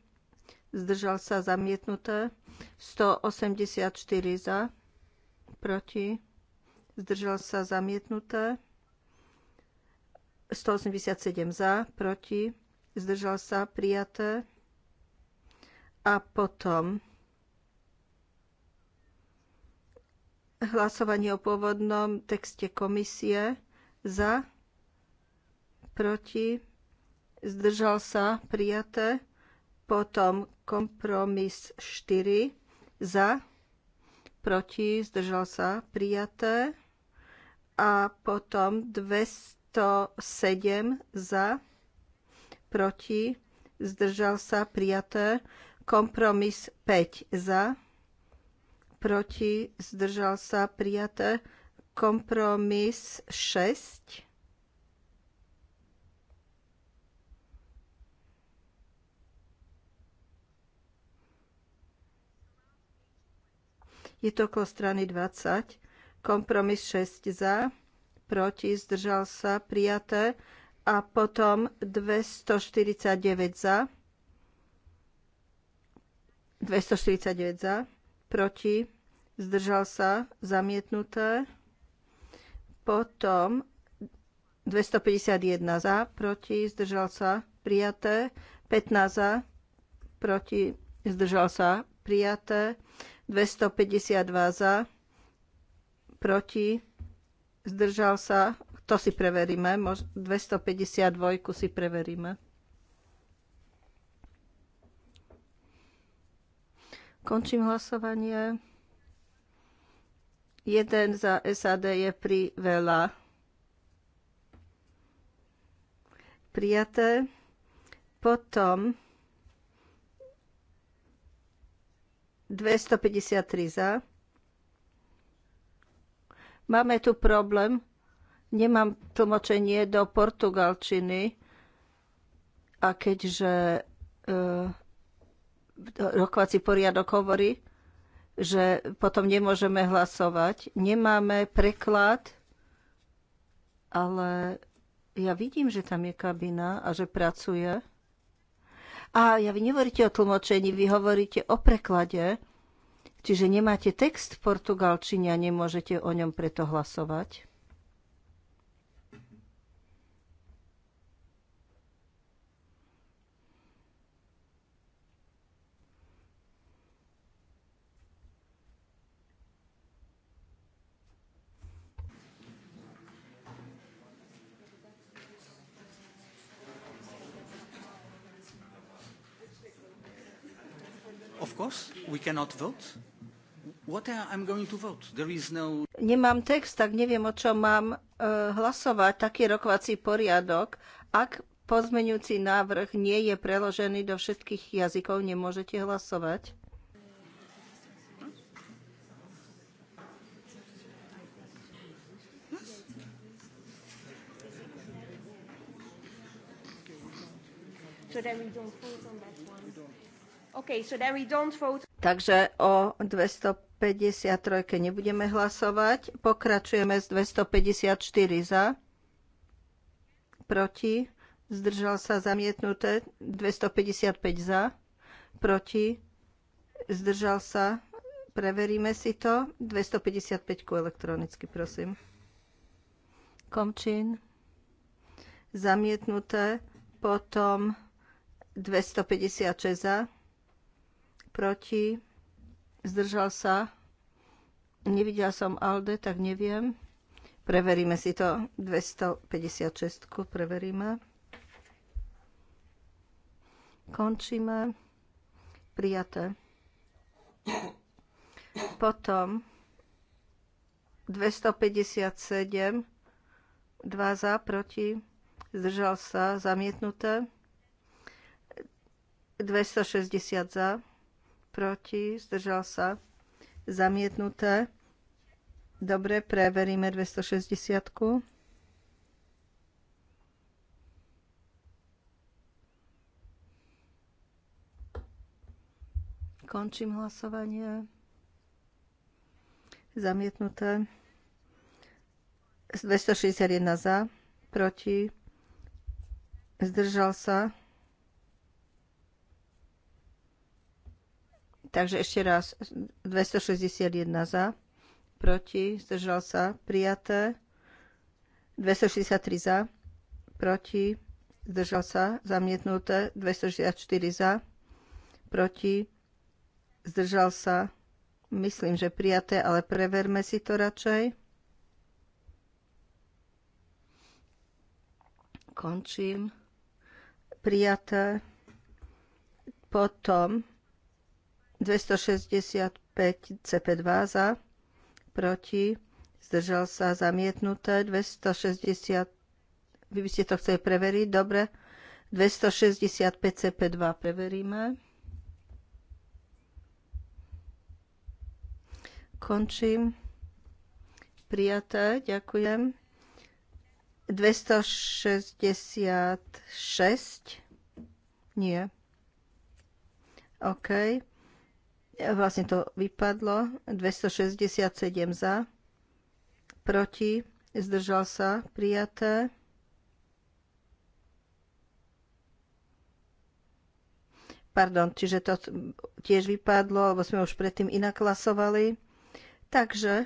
[SPEAKER 2] zdržal sa zamietnuté, 184 za, proti, zdržal sa zamietnuté, 187 za, proti, zdržal sa prijaté a potom hlasovanie o pôvodnom texte komisie za, proti, zdržal sa prijaté potom kompromis 4 za, proti, zdržal sa, prijaté. A potom 207 za, proti, zdržal sa, prijaté. Kompromis 5 za, proti, zdržal sa, prijaté. Kompromis 6 Je to okolo strany 20. Kompromis 6 za, proti, zdržal sa, prijaté. A potom 249 za, 249 za, proti, zdržal sa, zamietnuté. Potom 251 za, proti, zdržal sa, prijaté. 15 za, proti, zdržal sa, prijaté. 252 za, proti, zdržal sa, to si preveríme, 252 si preveríme. Končím hlasovanie. Jeden za SAD je pri veľa. Prijaté. Potom 253 za. Máme tu problém. Nemám tlmočenie do portugalčiny. A keďže e, rokovací poriadok hovorí, že potom nemôžeme hlasovať. Nemáme preklad, ale ja vidím, že tam je kabina a že pracuje. A ja vy nehovoríte o tlmočení, vy hovoríte o preklade. Čiže nemáte text v portugalčine a nemôžete o ňom preto hlasovať.
[SPEAKER 4] course, we cannot vote. What going to vote? There is no...
[SPEAKER 2] Nemám text, tak neviem, o čom mám uh, hlasovať. Taký rokovací poriadok. Ak pozmeňujúci návrh nie je preložený do všetkých jazykov, nemôžete hlasovať.
[SPEAKER 3] So then we don't Okay, so vote...
[SPEAKER 2] Takže o 253 nebudeme hlasovať. Pokračujeme s 254 za. Proti. Zdržal sa zamietnuté. 255 za. Proti. Zdržal sa. Preveríme si to. 255 elektronicky, prosím. Komčín. Zamietnuté. Potom 256 za proti, zdržal sa. Nevidela som Alde, tak neviem. Preveríme si to. 256 preveríme. Končíme. Prijaté. Potom 257, 2 za, proti, zdržal sa, zamietnuté, 260 za, proti, zdržal sa, zamietnuté. Dobre, preveríme 260. Končím hlasovanie. Zamietnuté. 261 za, proti, zdržal sa, Takže ešte raz, 261 za, proti, zdržal sa, prijaté. 263 za, proti, zdržal sa, zamietnuté. 264 za, proti, zdržal sa, myslím, že prijaté, ale preverme si to radšej. Končím. Prijaté. Potom 265 CP2 za, proti, zdržal sa zamietnuté, 260, vy by ste to chceli preveriť, dobre, 265 CP2 preveríme. Končím. Prijaté, ďakujem. 266. Nie. OK vlastne to vypadlo, 267 za, proti, zdržal sa, prijaté. Pardon, čiže to tiež vypadlo, lebo sme už predtým inak hlasovali. Takže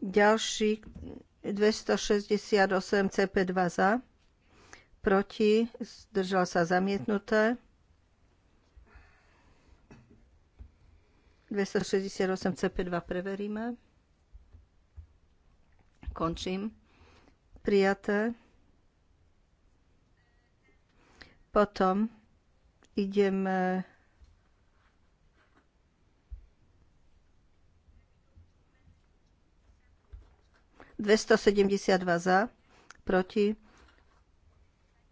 [SPEAKER 2] ďalší 268 CP2 za, proti, zdržal sa zamietnuté. 268 CP2 preveríme. Končím. Prijaté. Potom ideme 272 za, proti,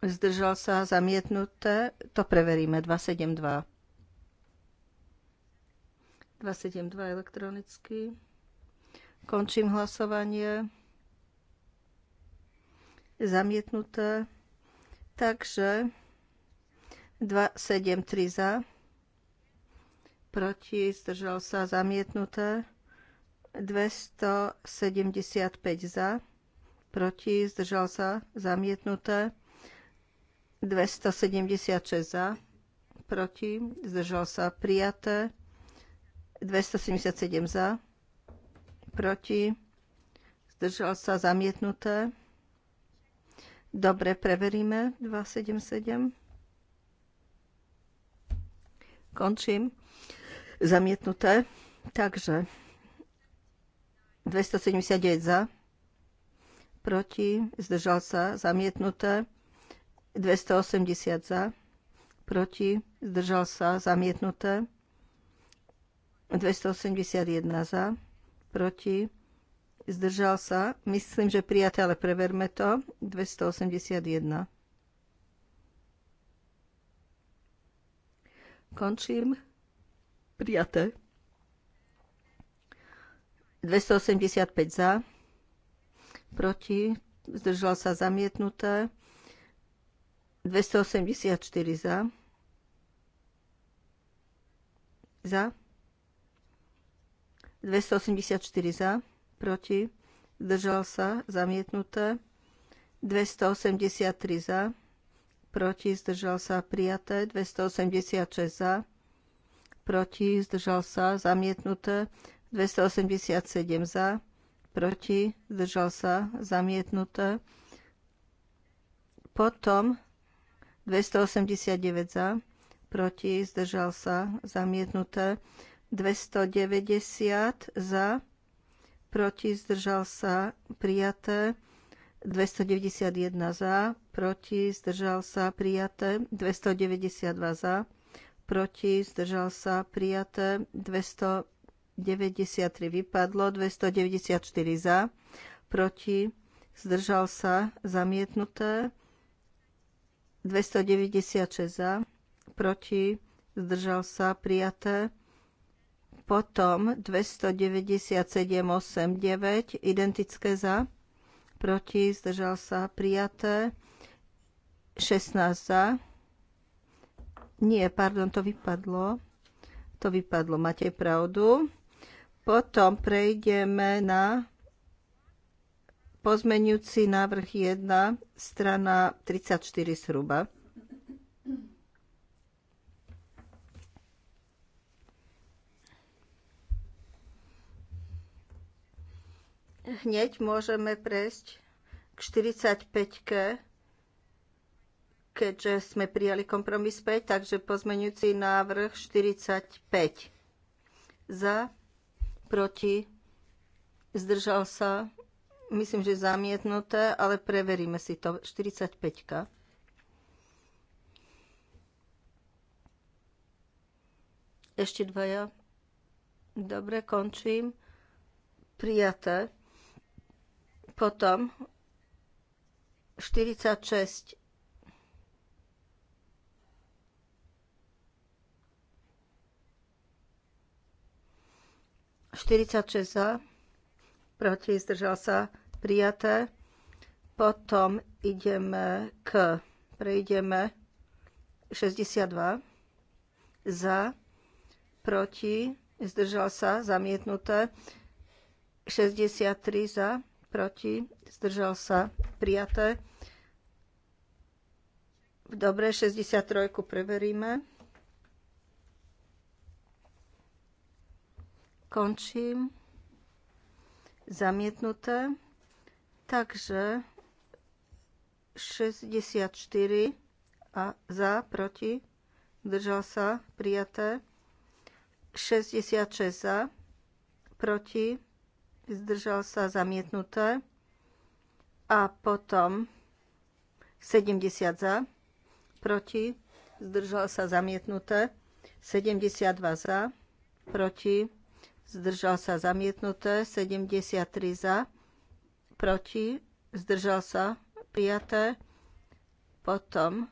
[SPEAKER 2] zdržal sa, zamietnuté. To preveríme, 272. 272 elektronicky. Končím hlasovanie. Zamietnuté. Takže 273 za. Proti, zdržal sa, zamietnuté. 275 za, proti, zdržal sa, zamietnuté. 276 za, proti, zdržal sa, prijaté. 277 za, proti, zdržal sa, zamietnuté. Dobre, preveríme 277. Končím. Zamietnuté. Takže 279 za, proti, zdržal sa, zamietnuté. 280 za, proti, zdržal sa, zamietnuté. 281 za, proti, zdržal sa. Myslím, že prijaté, ale preverme to. 281. Končím. Prijaté. 285 za, proti, zdržal sa zamietnuté, 284 za, za, 284 za, proti, zdržal sa zamietnuté, 283 za, proti, zdržal sa prijaté, 286 za, proti, zdržal sa zamietnuté, 287 za, proti, zdržal sa, zamietnuté. Potom 289 za, proti, zdržal sa, zamietnuté. 290 za, proti, zdržal sa, prijaté. 291 za, proti, zdržal sa, prijaté. 292 za, proti, zdržal sa, prijaté. 200 93 vypadlo, 294 za, proti, zdržal sa, zamietnuté, 296 za, proti, zdržal sa, prijaté, potom 297, 8, 9, identické za, proti, zdržal sa, prijaté, 16 za, nie, pardon, to vypadlo, to vypadlo, máte pravdu. Potom prejdeme na pozmenujúci návrh 1, strana 34 zhruba. Hneď môžeme prejsť k 45-ke, keďže sme prijali kompromis 5, takže pozmenujúci návrh 45. Za proti, zdržal sa, myslím, že zamietnuté, ale preveríme si to. 45. Ešte dvaja. Dobre, končím. Prijaté. Potom 46 46 za, proti, zdržal sa, prijaté. Potom ideme k, prejdeme 62 za, proti, zdržal sa, zamietnuté. 63 za, proti, zdržal sa, prijaté. Dobre, 63 preveríme. Končím. Zamietnuté. Takže 64 a za, proti, držal sa, prijaté. 66 za, proti, zdržal sa, zamietnuté. A potom 70 za, proti, zdržal sa, zamietnuté. 72 za, proti, zdržal sa zamietnuté, 73 za, proti, zdržal sa prijaté, potom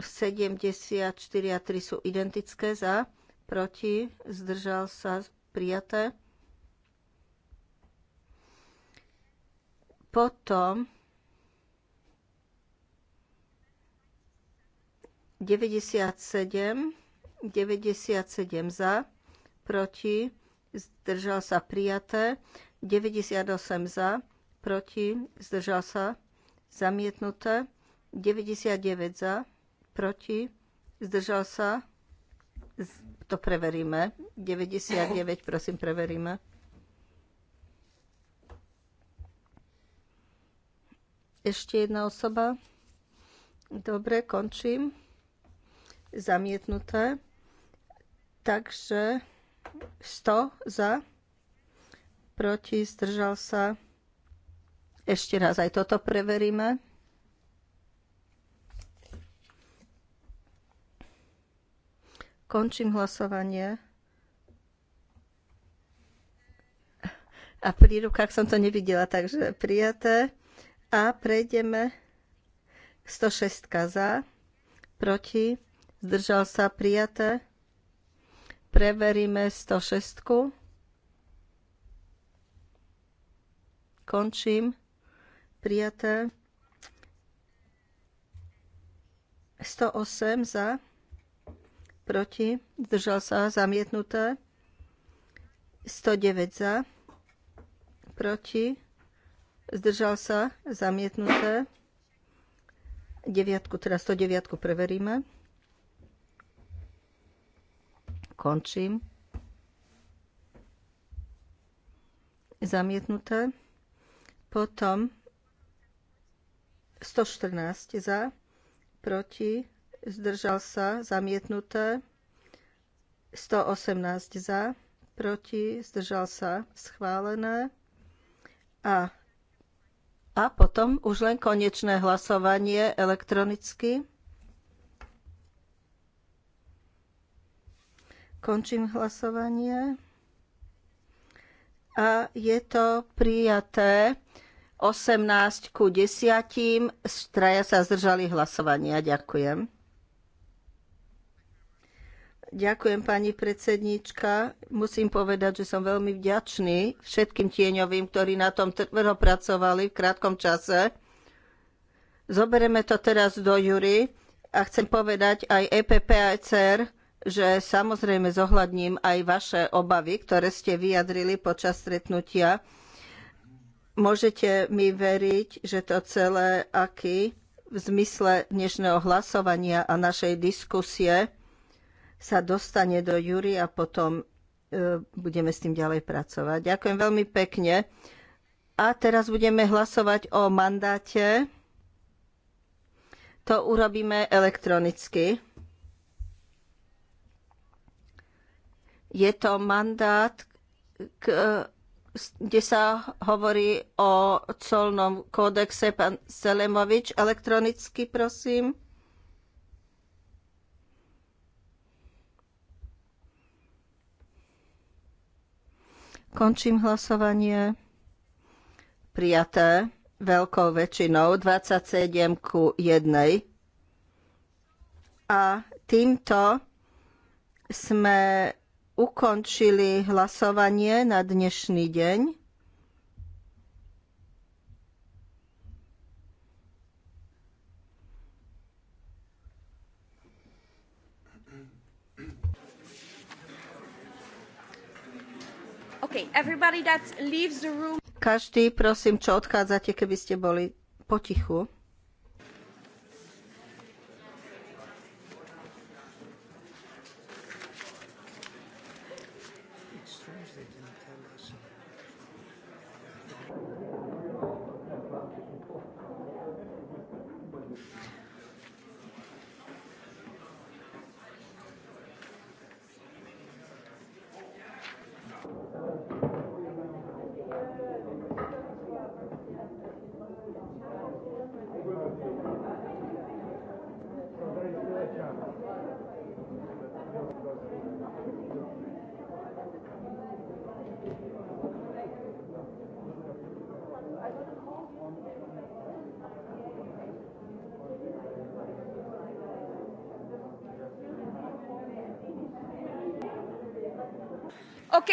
[SPEAKER 2] 74 a 3 sú identické za, proti, zdržal sa prijaté. Potom 97, 97 za, proti, zdržal sa prijaté, 98 za, proti, zdržal sa zamietnuté, 99 za, proti, zdržal sa, to preveríme, 99, prosím, preveríme. Ešte jedna osoba. Dobre, končím. Zamietnuté. Takže 100 za, proti, zdržal sa. Ešte raz aj toto preveríme. Končím hlasovanie. A pri rukách som to nevidela, takže prijaté. A prejdeme 106 za, proti, zdržal sa prijaté. Preveríme 106. Končím. Prijaté. 108 za. Proti. Zdržal sa. Zamietnuté. 109 za. Proti. Zdržal sa. Zamietnuté. 9, teraz 109 preveríme. Končím. Zamietnuté. Potom 114 za, proti, zdržal sa, zamietnuté. 118 za, proti, zdržal sa, schválené. A, a potom už len konečné hlasovanie elektronicky. Končím hlasovanie. A je to prijaté 18 ku 10. Straja sa zdržali hlasovania. Ďakujem. Ďakujem, pani predsednička. Musím povedať, že som veľmi vďačný všetkým tieňovým, ktorí na tom tvrdo pracovali v krátkom čase. Zobereme to teraz do jury a chcem povedať aj EPP a ECR, že samozrejme zohľadním aj vaše obavy, ktoré ste vyjadrili počas stretnutia. Môžete mi veriť, že to celé aký v zmysle dnešného hlasovania a našej diskusie sa dostane do júry a potom e, budeme s tým ďalej pracovať. Ďakujem veľmi pekne. A teraz budeme hlasovať o mandáte. To urobíme elektronicky. Je to mandát, k, kde sa hovorí o colnom kódexe, pán Selemovič, elektronicky prosím. Končím hlasovanie. Prijaté veľkou väčšinou 27 ku 1. A týmto sme ukončili hlasovanie na dnešný deň.
[SPEAKER 3] Okay, that the room.
[SPEAKER 2] Každý, prosím, čo odchádzate, keby ste boli potichu.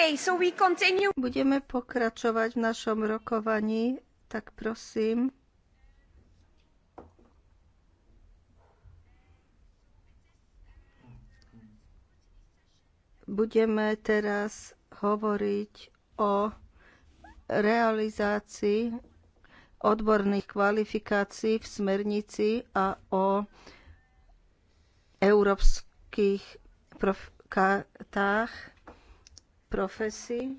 [SPEAKER 2] Okay, so we continue. Budeme pokračovať v našom rokovaní, tak prosím. Budeme teraz hovoriť o realizácii odborných kvalifikácií v smernici a o európskych profkátách profesí,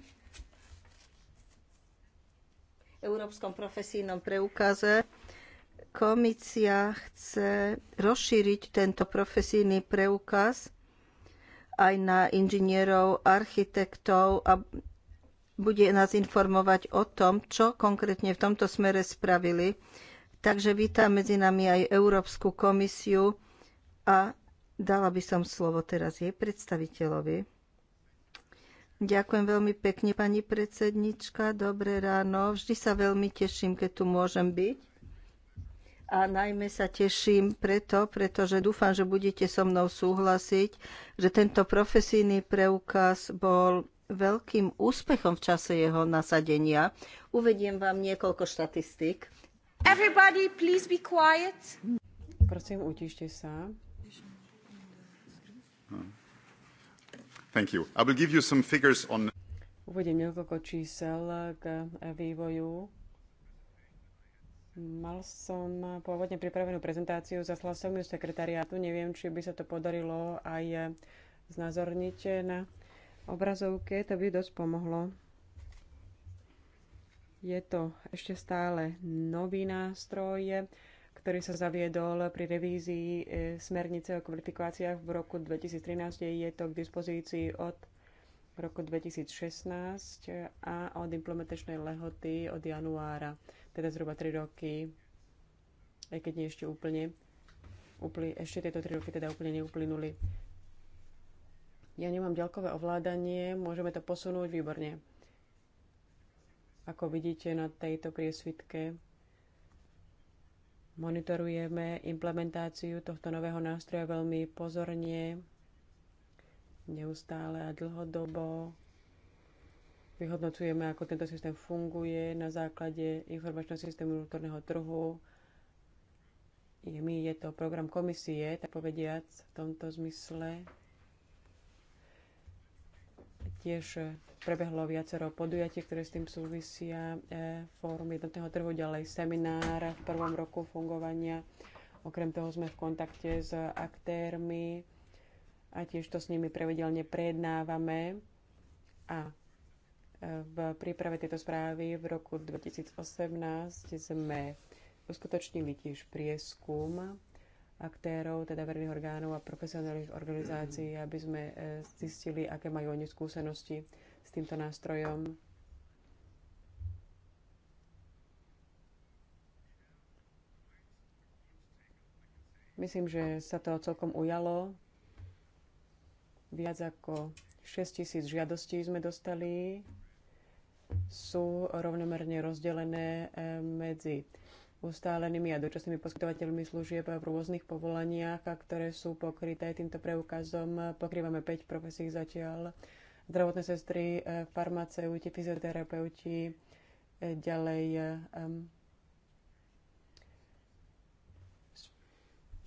[SPEAKER 2] Európskom profesijnom preukaze. Komícia chce rozšíriť tento profesijný preukaz aj na inžinierov, architektov a bude nás informovať o tom, čo konkrétne v tomto smere spravili. Takže vítam medzi nami aj Európsku komisiu a dala by som slovo teraz jej predstaviteľovi. Ďakujem veľmi pekne, pani predsednička. Dobré ráno. Vždy sa veľmi teším, keď tu môžem byť. A najmä sa teším preto, pretože dúfam, že budete so mnou súhlasiť, že tento profesijný preukaz bol veľkým úspechom v čase jeho nasadenia. Uvediem vám niekoľko štatistík.
[SPEAKER 1] Prosím, utište sa.
[SPEAKER 2] Thank you. I will give you some figures on...
[SPEAKER 1] Uvediem niekoľko čísel k vývoju. Mal som pôvodne pripravenú prezentáciu, zaslal som ju sekretariátu. Neviem, či by sa to podarilo aj znázorniť na obrazovke. To by dosť pomohlo. Je to ešte stále nový nástroj ktorý sa zaviedol pri revízii e, smernice o kvalifikáciách v roku 2013. Je to k dispozícii od roku 2016 a od implementačnej lehoty od januára, teda zhruba 3 roky, aj keď nie ešte úplne. Upli, ešte tieto 3 roky teda úplne neuplynuli. Ja nemám ďalkové ovládanie, môžeme to posunúť výborne. Ako vidíte na tejto priesvitke, Monitorujeme implementáciu tohto nového nástroja veľmi pozorne, neustále a dlhodobo. Vyhodnocujeme, ako tento systém funguje na základe informačného systému vnútorného trhu. Je, mi je to program komisie, tak povediac, v tomto zmysle. Tiež e, prebehlo viacero podujatie, ktoré s tým súvisia. E, fórum jednotného trhu, ďalej seminár v prvom roku fungovania. Okrem toho sme v kontakte s aktérmi a tiež to s nimi pravidelne prejednávame. A e, v príprave tejto správy v roku 2018 sme uskutočnili tiež prieskum aktérov, teda verejných orgánov a profesionálnych organizácií, aby sme e, zistili, aké majú oni skúsenosti s týmto nástrojom. Myslím, že sa to celkom ujalo. Viac ako 6 tisíc žiadostí sme dostali. Sú rovnomerne rozdelené e, medzi ustálenými a dočasnými poskytovateľmi služieb v rôznych povolaniach, a ktoré sú pokryté týmto preukazom. Pokrývame 5 profesí zatiaľ. Zdravotné sestry, e, farmaceuti, fyzioterapeuti, e, ďalej e,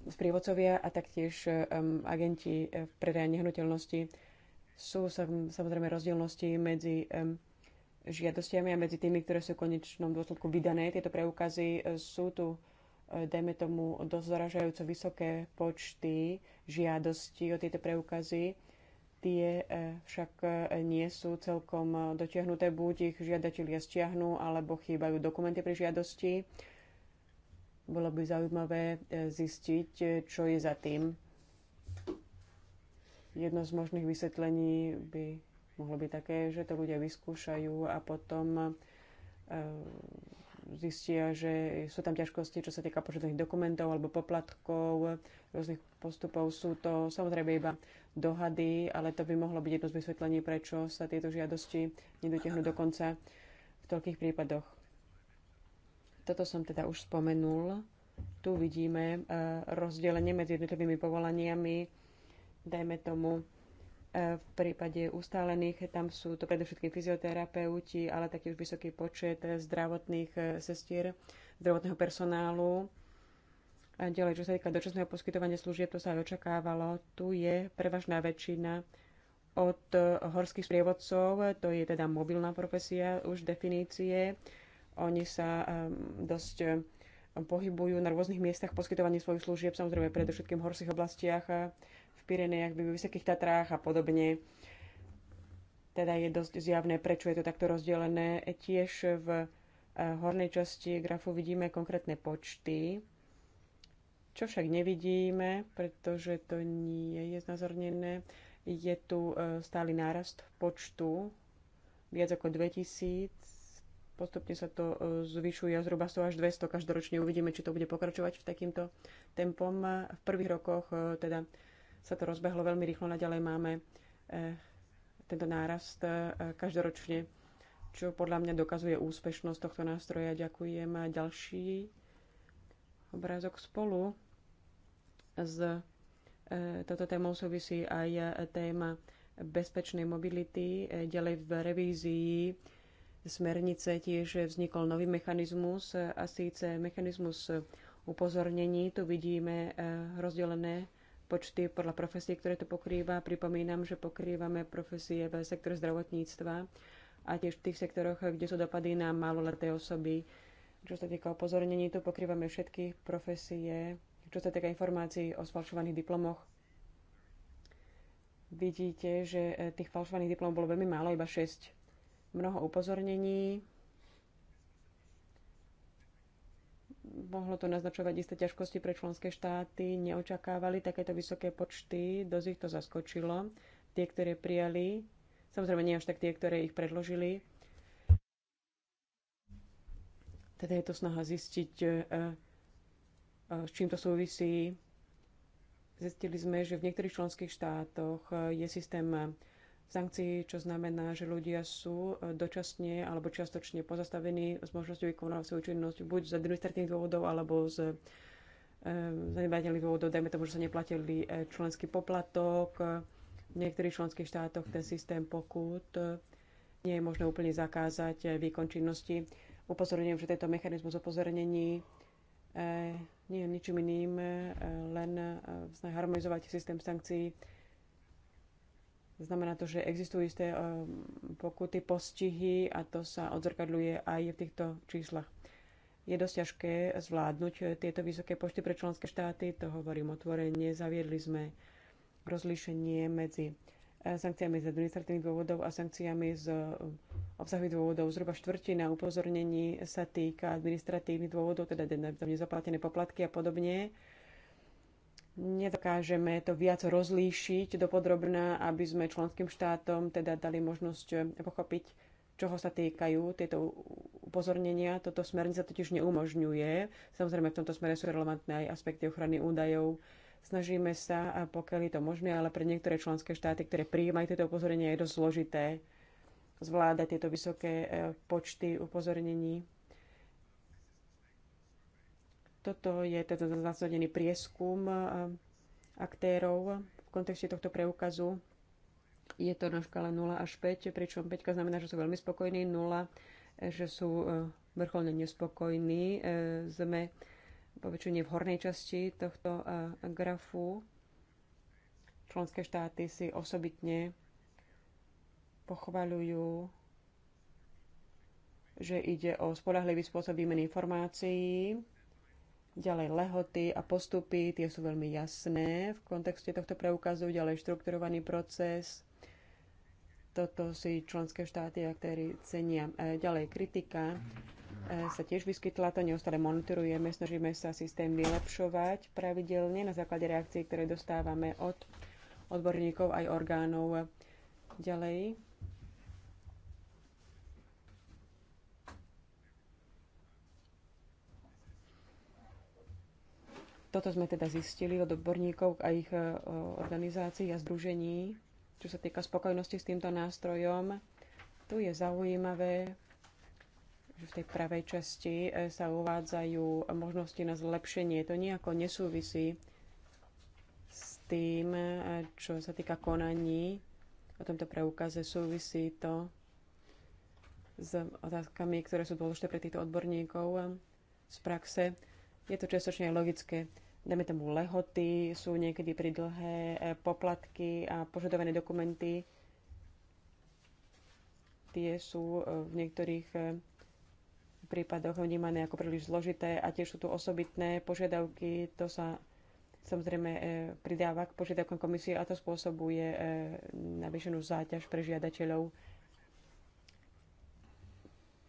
[SPEAKER 1] sprievodcovia a taktiež agenti v predaji nehnuteľnosti. Sú samozrejme rozdielnosti medzi žiadostiami a medzi tými, ktoré sú v konečnom dôsledku vydané. Tieto preukazy e, sú tu, e, dajme tomu, dosť zaražajúco vysoké počty žiadostí o tieto preukazy. Tie e, však nie sú celkom dotiahnuté, buď ich žiadatelia stiahnu, alebo chýbajú dokumenty pri žiadosti. Bolo by zaujímavé zistiť, čo je za tým. Jedno z možných vysvetlení by mohlo byť také, že to ľudia vyskúšajú a potom eh, zistia, že sú tam ťažkosti, čo sa týka početných dokumentov alebo poplatkov, rôznych postupov. Sú to samozrejme iba dohady, ale to by mohlo byť jedno z vysvetlení, prečo sa tieto žiadosti nedotiahnu do konca v toľkých prípadoch. Toto som teda už spomenul. Tu vidíme eh, rozdelenie medzi jednotlivými povolaniami. Dajme tomu, E, v prípade ustálených tam sú to predovšetkým fyzioterapeuti, ale taký už vysoký počet zdravotných e, sestier, zdravotného personálu. A ďalej, čo sa týka dočasného poskytovania služieb, to sa aj očakávalo. Tu je prevažná väčšina od e, horských sprievodcov, to je teda mobilná profesia už definície. Oni sa dosť pohybujú na rôznych miestach poskytovania svojich služieb, samozrejme predovšetkým v horských oblastiach Pirenejach, v Vysokých Tatrách a podobne. Teda je dosť zjavné, prečo je to takto rozdelené. E, tiež v e, hornej časti grafu vidíme konkrétne počty, čo však nevidíme, pretože to nie je znázornené. Je tu e, stály nárast počtu, viac ako 2000, postupne sa to zvyšuje zhruba 100 až 200 každoročne. Uvidíme, či to bude pokračovať v takýmto tempom. V prvých rokoch teda sa to rozbehlo veľmi rýchlo. Naďalej máme eh, tento nárast eh, každoročne, čo podľa mňa dokazuje úspešnosť tohto nástroja. Ďakujem. A ďalší obrázok spolu s eh, toto témou súvisí aj téma bezpečnej mobility. Ďalej v revízii smernice tiež vznikol nový mechanizmus a síce mechanizmus upozornení. Tu vidíme rozdelené počty podľa profesie, ktoré to pokrýva. Pripomínam, že pokrývame profesie v sektore zdravotníctva a tiež v tých sektoroch, kde sú dopady na maloleté osoby. Čo sa týka opozornení, tu pokrývame všetky profesie. Čo sa týka informácií o sfalšovaných diplomoch, vidíte, že eh, tých falšovaných diplomov bolo veľmi málo, iba 6. Mnoho upozornení, mohlo to naznačovať isté ťažkosti pre členské štáty, neočakávali takéto vysoké počty, dosť ich to zaskočilo. Tie, ktoré prijali, samozrejme nie až tak tie, ktoré ich predložili. Teda je to snaha zistiť, e, e, s čím to súvisí. Zistili sme, že v niektorých členských štátoch e, je systém sankcií, čo znamená, že ľudia sú e, dočasne alebo čiastočne pozastavení s možnosťou vykonávať svoju činnosť buď z administratívnych dôvodov alebo z e, zanedbateľných dôvodov, dajme tomu, že sa neplatili e, členský poplatok. V niektorých členských štátoch ten systém pokut nie je možné úplne zakázať výkon činnosti. Upozorňujem, že tento mechanizmus upozornení nie je ničím iným, len snahy harmonizovať systém sankcií Znamená to, že existujú isté pokuty, postihy a to sa odzrkadľuje aj v týchto číslach. Je dosť ťažké zvládnuť tieto vysoké počty pre členské štáty, to hovorím otvorene. Zaviedli sme rozlíšenie medzi sankciami z administratívnych dôvodov a sankciami z obsahových dôvodov. Zhruba štvrtina upozornení sa týka administratívnych dôvodov, teda nezaplatené poplatky a podobne nedokážeme to viac rozlíšiť do podrobná, aby sme členským štátom teda dali možnosť eh, pochopiť, čoho sa týkajú tieto upozornenia. Toto smernica totiž neumožňuje. Samozrejme, v tomto smere sú relevantné aj aspekty ochrany údajov. Snažíme sa, a pokiaľ je to možné, ale pre niektoré členské štáty, ktoré prijímajú tieto upozornenia, je dosť zložité zvládať tieto vysoké eh, počty upozornení. Toto je teda zasadený prieskum aktérov v kontexte tohto preukazu. Je to na škále 0 až 5, pričom 5 znamená, že sú veľmi spokojní, 0, e, že sú e, vrcholne nespokojní. E, sme poväčšenie v hornej časti tohto grafu. Členské štáty si osobitne pochvaľujú, že ide o spolahlivý spôsob výmeny informácií Ďalej lehoty a postupy, tie sú veľmi jasné v kontexte tohto preukazu. Ďalej štrukturovaný proces. Toto si členské štáty a aktéry cenia. E, ďalej kritika e, sa tiež vyskytla, to neustále monitorujeme, snažíme sa systém vylepšovať pravidelne na základe reakcií, ktoré dostávame od odborníkov aj orgánov. Ďalej, Toto sme teda zistili od odborníkov a ich e, organizácií a združení, čo sa týka spokojnosti s týmto nástrojom. Tu je zaujímavé, že v tej pravej časti e, sa uvádzajú možnosti na zlepšenie. To nejako nesúvisí s tým, e, čo sa týka konaní. O tomto preukaze súvisí to s otázkami, ktoré sú dôležité pre týchto odborníkov z praxe. Je to čiastočne logické dajme tomu lehoty, sú niekedy pridlhé e, poplatky a požadované dokumenty. Tie sú e, v niektorých e, prípadoch vnímané ako príliš zložité a tiež sú tu osobitné požiadavky. To sa samozrejme pridáva k požiadavkom komisie a to spôsobuje navýšenú záťaž pre žiadateľov.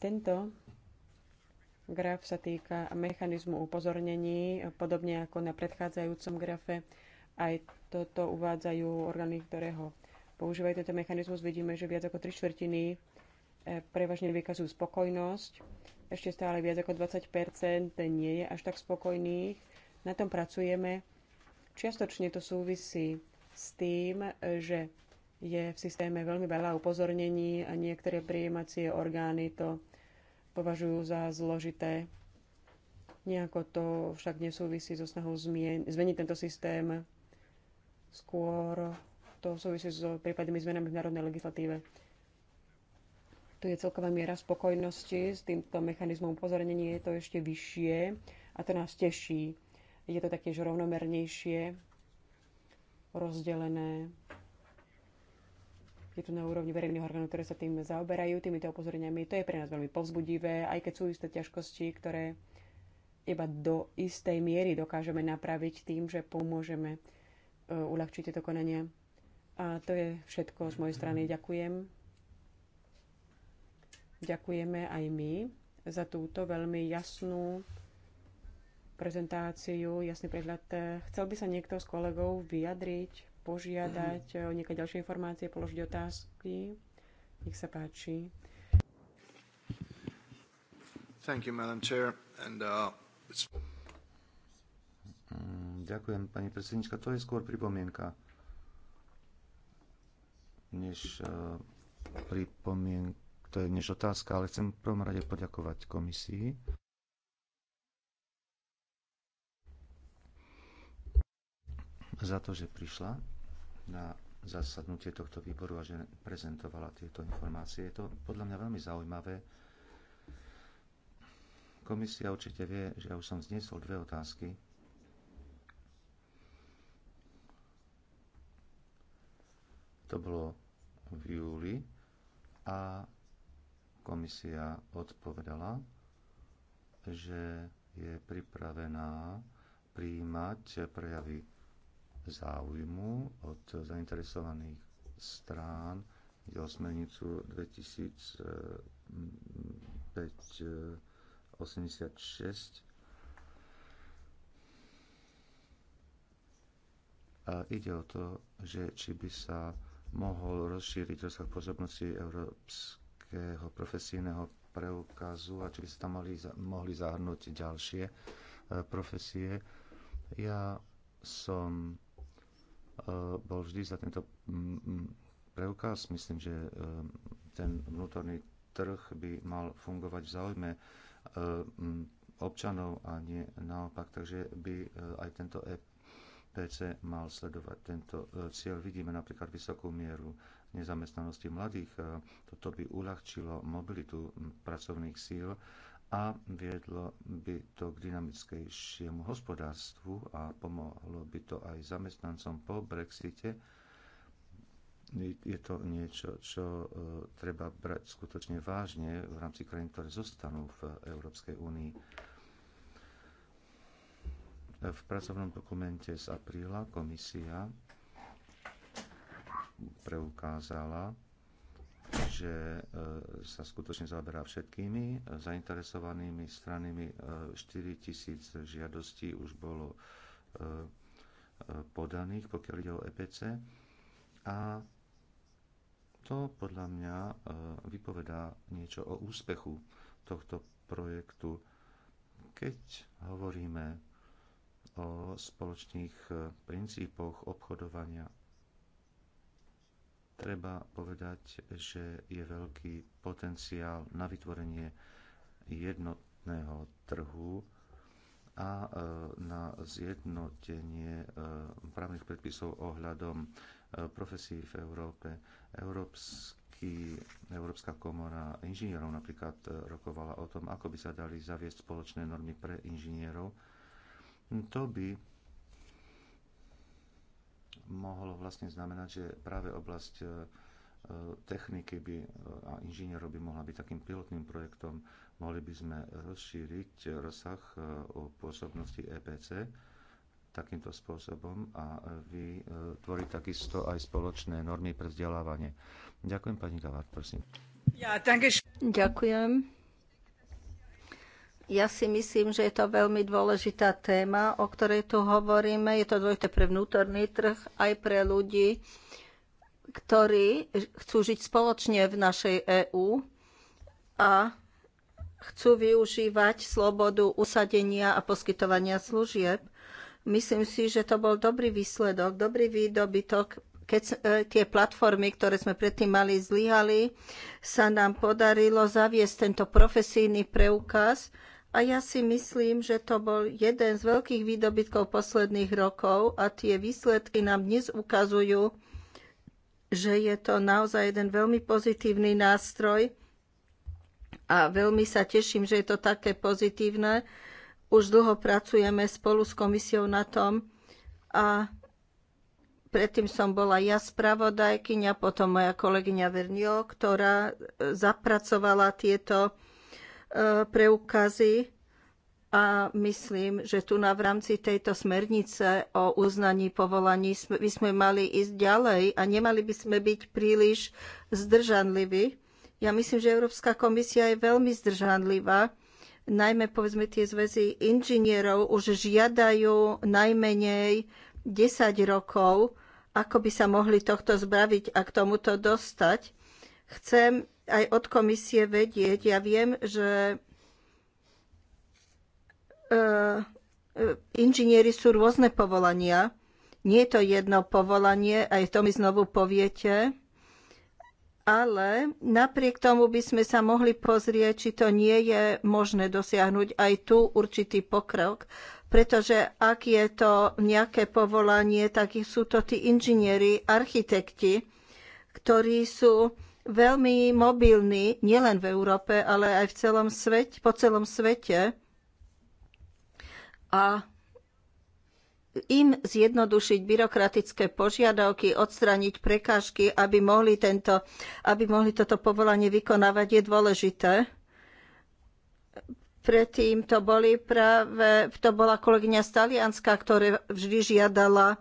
[SPEAKER 1] Tento Graf sa týka mechanizmu upozornení, podobne ako na predchádzajúcom grafe. Aj toto uvádzajú orgány, ktoré ho používajú tento mechanizmus. Vidíme, že viac ako tri štvrtiny e, prevažne vykazujú spokojnosť. Ešte stále viac ako 20 nie je až tak spokojných. Na tom pracujeme. Čiastočne to súvisí s tým, že je v systéme veľmi veľa upozornení a niektoré prijímacie orgány to považujú za zložité. Nejako to však nesúvisí so snahou zmien- zmeniť tento systém. Skôr to súvisí s so prípadnými zmenami v národnej legislatíve. Tu je celková miera spokojnosti s týmto mechanizmom upozornenia, je to ešte vyššie a to nás teší. Je to taktiež rovnomernejšie, rozdelené je to na úrovni verejných orgánov, ktoré sa tým zaoberajú, týmito upozoreniami. To je pre nás veľmi povzbudivé, aj keď sú isté ťažkosti, ktoré iba do istej miery dokážeme napraviť tým, že pomôžeme e, uľahčiť tieto konania. A to je všetko z mojej strany. Ďakujem. Ďakujeme aj my za túto veľmi jasnú prezentáciu, jasný prehľad. Chcel by sa niekto z kolegov vyjadriť? požiadať eh, o nejaké ďalšie informácie, položiť otázky. Nech sa páči.
[SPEAKER 2] Thank you, Madam Chair. And, uh, it's...
[SPEAKER 4] Mm, ďakujem, pani predsednička. To je skôr pripomienka, než uh, eh, pripomienka, to je než otázka, ale chcem v prvom rade poďakovať komisii. za to, že prišla na zasadnutie tohto výboru a že prezentovala tieto informácie. Je to podľa mňa veľmi zaujímavé. Komisia určite vie, že ja už som zniesol dve otázky. To bolo v júli a komisia odpovedala, že je pripravená príjmať prejavy záujmu od zainteresovaných strán. Ide o smernicu 2005-86. E, a ide o to, že či by sa mohol rozšíriť rozsah pozornosti európskeho profesijného preukazu a či by sa tam mohli, mohli zahrnúť ďalšie e, profesie. Ja som Eh, bol vždy za tento mm, mm, preukaz. Myslím, že eh, ten vnútorný trh by mal fungovať v záujme eh, mm, občanov a nie naopak. Takže by aj tento EPC mal sledovať tento cieľ. Vidíme napríklad vysokú mieru nezamestnanosti mladých. Toto by uľahčilo mobilitu pracovných síl a viedlo by to k dynamickejšiemu hospodárstvu a pomohlo by to aj zamestnancom po Brexite. Je to niečo, čo e, treba brať skutočne vážne v rámci krajín, ktoré zostanú v Európskej únii. V pracovnom dokumente z apríla komisia preukázala, že e, sa skutočne zaoberá všetkými e, zainteresovanými stranami. 4 e, tisíc žiadostí už bolo podaných, pokiaľ ide o EPC. A to podľa mňa vypovedá niečo o úspechu tohto projektu. Keď hovoríme o spoločných princípoch obchodovania treba povedať, že je veľký potenciál na vytvorenie jednotného trhu a e, na zjednotenie e, právnych predpisov ohľadom e, profesí v Európe. Európsky, Európska komora inžinierov napríklad rokovala o tom, ako by sa dali zaviesť spoločné normy pre inžinierov. To by mohlo vlastne znamenať, že práve oblasť e, e, techniky by, e, a inžinierov by mohla byť takým pilotným projektom. Mohli by sme rozšíriť rozsah o pôsobnosti EPC takýmto spôsobom a vy tvorí takisto aj spoločné normy pre vzdelávanie. Ďakujem, pani Gavard, prosím.
[SPEAKER 2] Ja, Ďakujem. Ja si myslím, že je to veľmi dôležitá téma, o ktorej tu hovoríme. Je to dôležité pre vnútorný trh, aj pre ľudí, ktorí chcú žiť spoločne v našej EÚ a chcú využívať slobodu usadenia a poskytovania služieb. Myslím si, že to bol dobrý výsledok, dobrý výdobytok keď e, tie platformy, ktoré sme predtým mali, zlyhali, sa nám podarilo zaviesť tento profesijný preukaz a ja si myslím, že to bol jeden z veľkých výdobytkov posledných rokov a tie výsledky nám dnes ukazujú, že je to naozaj jeden veľmi pozitívny nástroj a veľmi sa teším, že je to také pozitívne. Už dlho pracujeme spolu s komisiou na tom a predtým som bola ja spravodajkyňa, potom moja kolegyňa Vernio, ktorá e, zapracovala tieto E, preukazy a myslím, že tu na v rámci tejto smernice o uznaní povolaní by sme mali ísť ďalej a nemali by sme byť príliš zdržanliví. Ja myslím, že Európska komisia je veľmi zdržanlivá. Najmä povedzme tie zväzy inžinierov už žiadajú najmenej 10 rokov, ako by sa mohli tohto zbaviť a k tomuto dostať. Chcem aj od komisie vedieť. Ja viem, že e, e, inžinieri sú rôzne povolania. Nie je to jedno povolanie, aj to mi znovu poviete. Ale napriek tomu by sme sa mohli pozrieť, či to nie je možné dosiahnuť aj tu určitý pokrok, pretože ak je to nejaké povolanie, tak sú to tí inžinieri, architekti, ktorí sú veľmi mobilní, nielen v Európe, ale aj v celom svete, po celom svete. A im zjednodušiť byrokratické požiadavky, odstrániť prekážky, aby mohli, tento, aby mohli toto povolanie vykonávať, je dôležité. Predtým to, boli práve, to bola kolegyňa z Talianska, ktorá vždy žiadala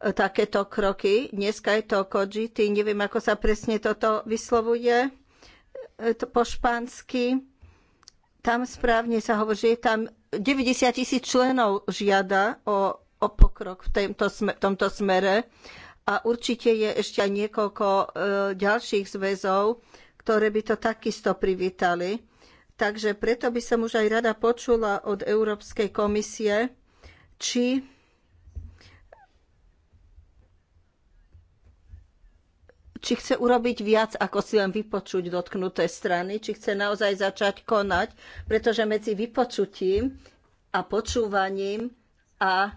[SPEAKER 2] takéto kroky. Dneska je to kojity, neviem, ako sa presne toto vyslovuje e, to po špánsky. Tam správne sa hovorí, že je tam 90 tisíc členov žiada o, o pokrok v tomto, tomto smere a určite je ešte aj niekoľko e, ďalších zväzov, ktoré by to takisto privítali. Takže preto by som už aj rada počula od Európskej komisie, či či chce urobiť viac, ako si len vypočuť dotknuté strany, či chce naozaj začať konať, pretože medzi vypočutím a počúvaním a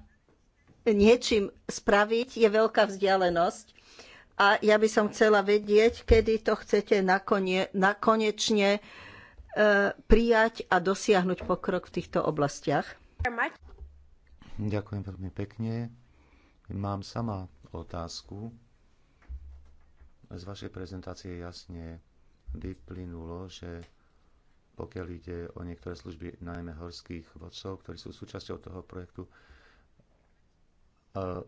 [SPEAKER 2] niečím spraviť je veľká vzdialenosť. A ja by som chcela vedieť, kedy to chcete nakonie, nakonečne e, prijať a dosiahnuť pokrok v týchto oblastiach.
[SPEAKER 4] Ďakujem veľmi pekne. Mám sama otázku z vašej prezentácie jasne vyplynulo, že pokiaľ ide o niektoré služby, najmä horských vodcov, ktorí sú súčasťou toho projektu, e,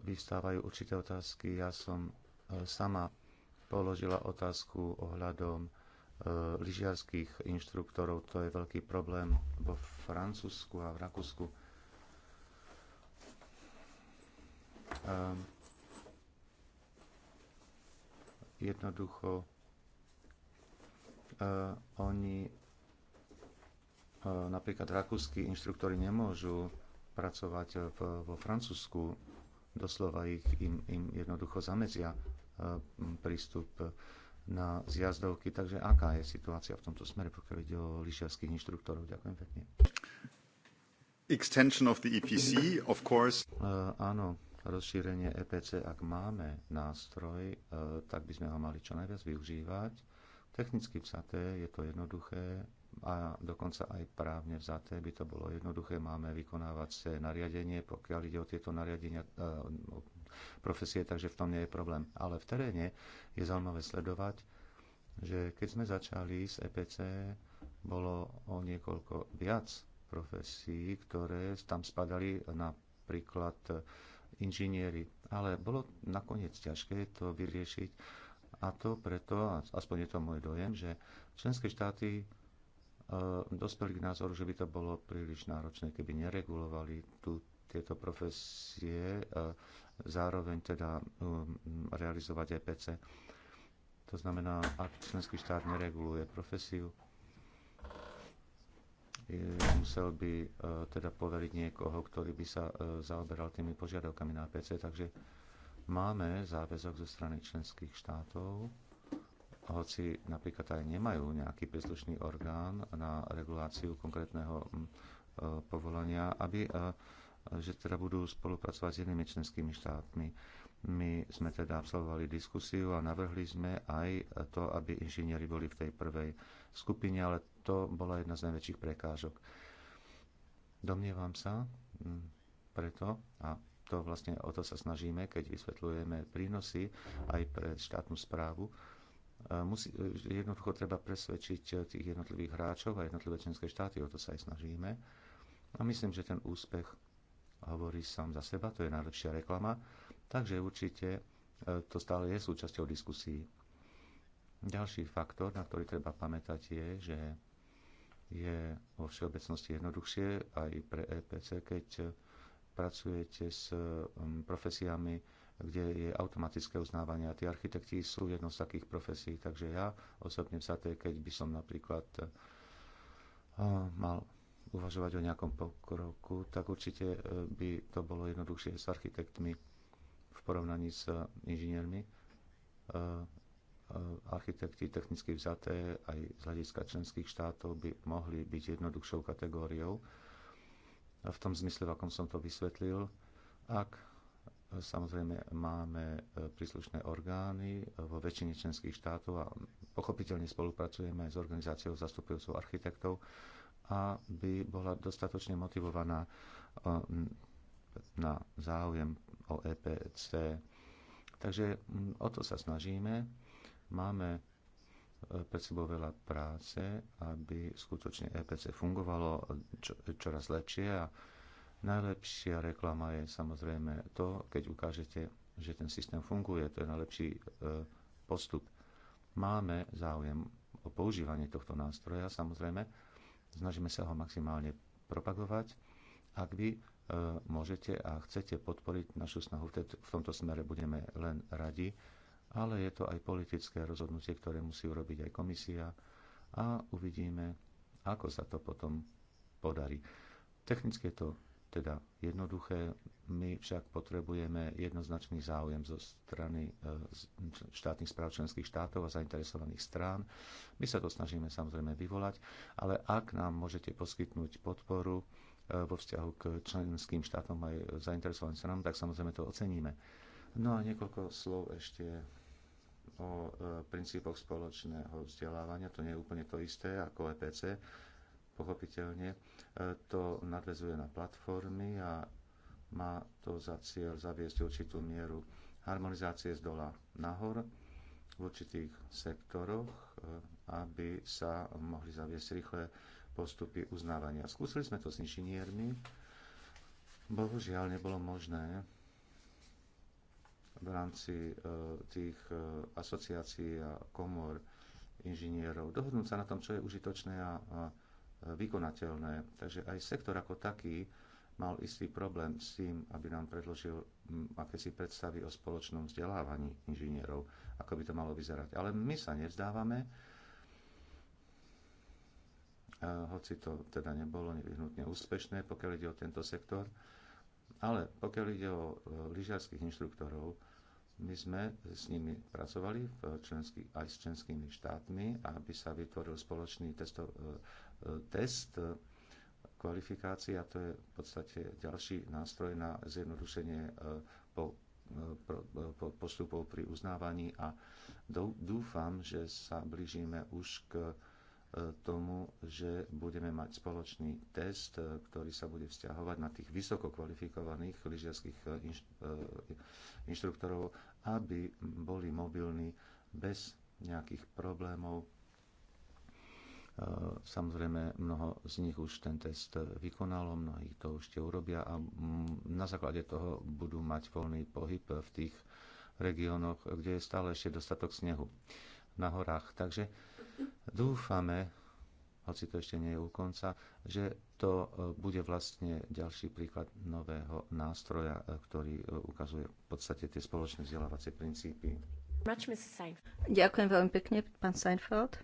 [SPEAKER 4] vyvstávajú určité otázky. Ja som e, sama položila otázku ohľadom e, lyžiarských inštruktorov. To je veľký problém vo Francúzsku a v Rakúsku. Ehm, Jednoducho uh, oni, uh, napríklad rakúsky inštruktori nemôžu pracovať v, vo Francúzsku, doslova ich, im, im jednoducho zamezia uh, e, prístup na zjazdovky. Takže aká je situácia v tomto smere, pokiaľ ide o lyžiarských inštruktorov? Ďakujem pekne. Extension of the EPC, of course. Uh, áno, rozšírenie EPC, ak máme nástroj, e, tak by sme ho mali čo najviac využívať. Technicky vzaté je to jednoduché a dokonca aj právne vzaté by to bolo jednoduché. Máme vykonávacie nariadenie, pokiaľ ide o tieto nariadenia, e, profesie, takže v tom nie je problém. Ale v teréne je zaujímavé sledovať, že keď sme začali s EPC, bolo o niekoľko viac profesí, ktoré tam spadali napríklad inžinieri. Ale bolo nakoniec ťažké to vyriešiť a to preto, aspoň je to môj dojem, že členské štáty e, dospeli k názoru, že by to bolo príliš náročné, keby neregulovali tú, tieto profesie, e, zároveň teda e, realizovať EPC. To znamená, ak členský štát nereguluje profesiu, musel by e, teda poveriť niekoho, ktorý by sa e, zaoberal tými požiadavkami na PC. Takže máme záväzok zo strany členských štátov, hoci napríklad aj nemajú nejaký príslušný orgán na reguláciu konkrétneho e, povolania, aby že teda budú spolupracovať s inými členskými štátmi my sme teda absolvovali diskusiu a navrhli sme aj to, aby inžinieri boli v tej prvej skupine, ale to bola jedna z najväčších prekážok. Domnievam sa mm, preto, a to vlastne o to sa snažíme, keď vysvetľujeme prínosy aj pre štátnu správu, e, musí, e, jednoducho treba presvedčiť tých jednotlivých hráčov a jednotlivé členské štáty, o to sa aj snažíme. A myslím, že ten úspech hovorí sám za seba, to je najlepšia reklama Takže určite e, to stále je súčasťou diskusí. Ďalší faktor, na ktorý treba pamätať, je, že je vo všeobecnosti jednoduchšie aj pre EPC, keď e, pracujete s profesiami, kde je automatické uznávanie. A tí architekti sú jednou z takých profesí, takže ja osobne sa to, keď by som napríklad e, mal uvažovať o nejakom pokroku, tak určite by to bolo jednoduchšie s architektmi v porovnaní s eh, inžiniermi. Eh, eh, architekti technicky vzaté aj z hľadiska členských štátov by mohli byť jednoduchšou kategóriou. V tom zmysle, v akom som to vysvetlil, ak samozrejme máme príslušné orgány vo väčšine členských štátov a pochopiteľne spolupracujeme aj s organizáciou zastupujúcou architektov, aby bola dostatočne motivovaná na záujem o EPC. Takže mm, o to sa snažíme. Máme e, pred sebou veľa práce, aby skutočne EPC fungovalo čoraz lepšie a najlepšia reklama je samozrejme to, keď ukážete, že ten systém funguje. To je najlepší e, postup. Máme záujem o používanie tohto nástroja, samozrejme. Snažíme sa ho maximálne propagovať. Ak vy E, môžete a chcete podporiť našu snahu. V tomto smere budeme len radi, ale je to aj politické rozhodnutie, ktoré musí urobiť aj komisia a uvidíme, ako sa to potom podarí. Technicky je to teda jednoduché, my však potrebujeme jednoznačný záujem zo strany e, štátnych správ členských štátov a zainteresovaných strán. My sa to snažíme samozrejme vyvolať, ale ak nám môžete poskytnúť podporu, E, vo vzťahu k členským štátom aj zainteresovaným stranám, tak samozrejme to oceníme. No a niekoľko slov ešte o e, princípoch spoločného vzdelávania. To nie je úplne to isté ako EPC, pochopiteľne. E, to nadvezuje na platformy a má to za cieľ zaviesť určitú mieru harmonizácie z dola nahor v určitých sektoroch, aby sa mohli zaviesť rýchle postupy uznávania. Skúsili sme to s inžiniermi, bohužiaľ nebolo možné v rámci e, tých e, asociácií a komor inžinierov dohodnúť sa na tom, čo je užitočné a, a e, vykonateľné. Takže aj sektor ako taký mal istý problém s tým, aby nám predložil akési predstavy o spoločnom vzdelávaní inžinierov, ako by to malo vyzerať. Ale my sa nevzdávame hoci to teda nebolo nevyhnutne úspešné, pokiaľ ide o tento sektor. Ale pokiaľ ide o e, lyžiarských inštruktorov, my sme s nimi pracovali v členský, aj s členskými štátmi, aby sa vytvoril spoločný testo, e, e, test kvalifikácií a to je v podstate ďalší nástroj na zjednodušenie po, po, postupov pri uznávaní a dúfam, že sa blížime už k E, tomu, že budeme mať spoločný test, e, ktorý sa bude vzťahovať na tých vysoko kvalifikovaných lyžiarských e, inštruktorov, aby boli mobilní bez nejakých problémov. Samozrejme, mnoho z nich už ten test vykonalo, mnohí to ešte urobia a na základe toho budú mať voľný pohyb v tých regiónoch, kde je stále ešte dostatok snehu na horách. Takže Dúfame, hoci to ešte nie je u konca, že to e, bude vlastne ďalší príklad nového nástroja, e, ktorý e, ukazuje v podstate tie spoločné vzdelávacie princípy.
[SPEAKER 2] Ďakujem veľmi pekne, pán Seinfeld.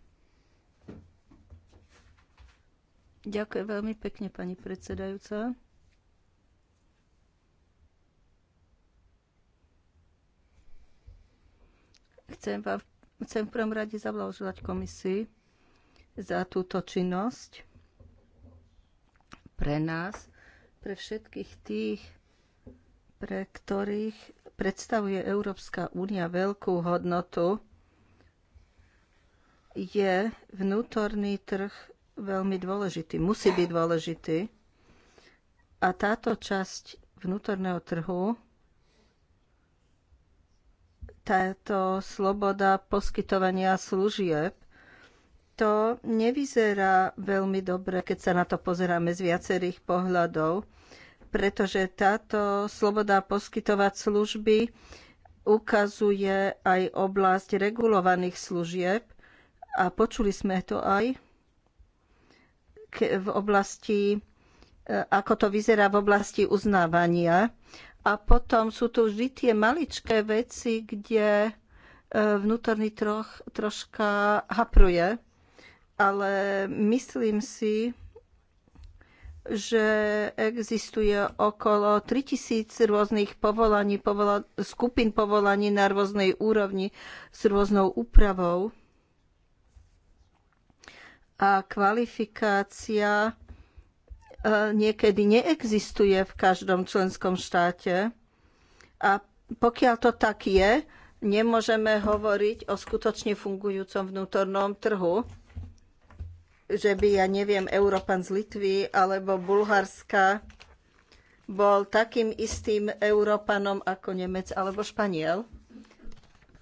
[SPEAKER 2] Ďakujem veľmi pekne, pani predsedajúca. Chcem vám v Chcem v prvom rade zavlažovať komisii za túto činnosť pre nás, pre všetkých tých, pre ktorých predstavuje Európska únia veľkú hodnotu, je vnútorný trh veľmi dôležitý. Musí byť dôležitý. A táto časť vnútorného trhu táto sloboda poskytovania služieb, to nevyzerá veľmi dobre, keď sa na to pozeráme z viacerých pohľadov, pretože táto sloboda poskytovať služby ukazuje aj oblasť regulovaných služieb a počuli sme to aj v oblasti, e, ako to vyzerá v oblasti uznávania. A potom sú tu vždy tie maličké veci, kde e, vnútorný troch troška hapruje. Ale myslím si, že existuje okolo 3000 rôznych povolaní, povola, skupín povolaní na rôznej úrovni s rôznou úpravou. A kvalifikácia niekedy neexistuje v každom členskom štáte. A pokiaľ to tak je, nemôžeme hovoriť o skutočne fungujúcom vnútornom trhu že by, ja neviem, Európan z Litvy alebo Bulharska bol takým istým Európanom ako Nemec alebo Španiel.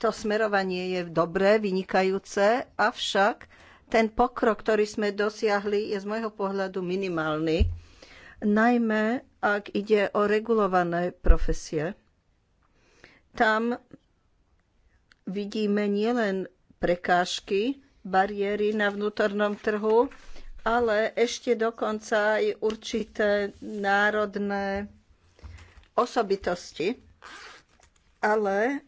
[SPEAKER 2] To smerovanie je dobré, vynikajúce, avšak ten pokrok, ktorý sme dosiahli, je z môjho pohľadu minimálny, najmä ak ide o regulované profesie. Tam vidíme nielen prekážky, bariéry na vnútornom trhu, ale ešte dokonca aj určité národné osobitosti. Ale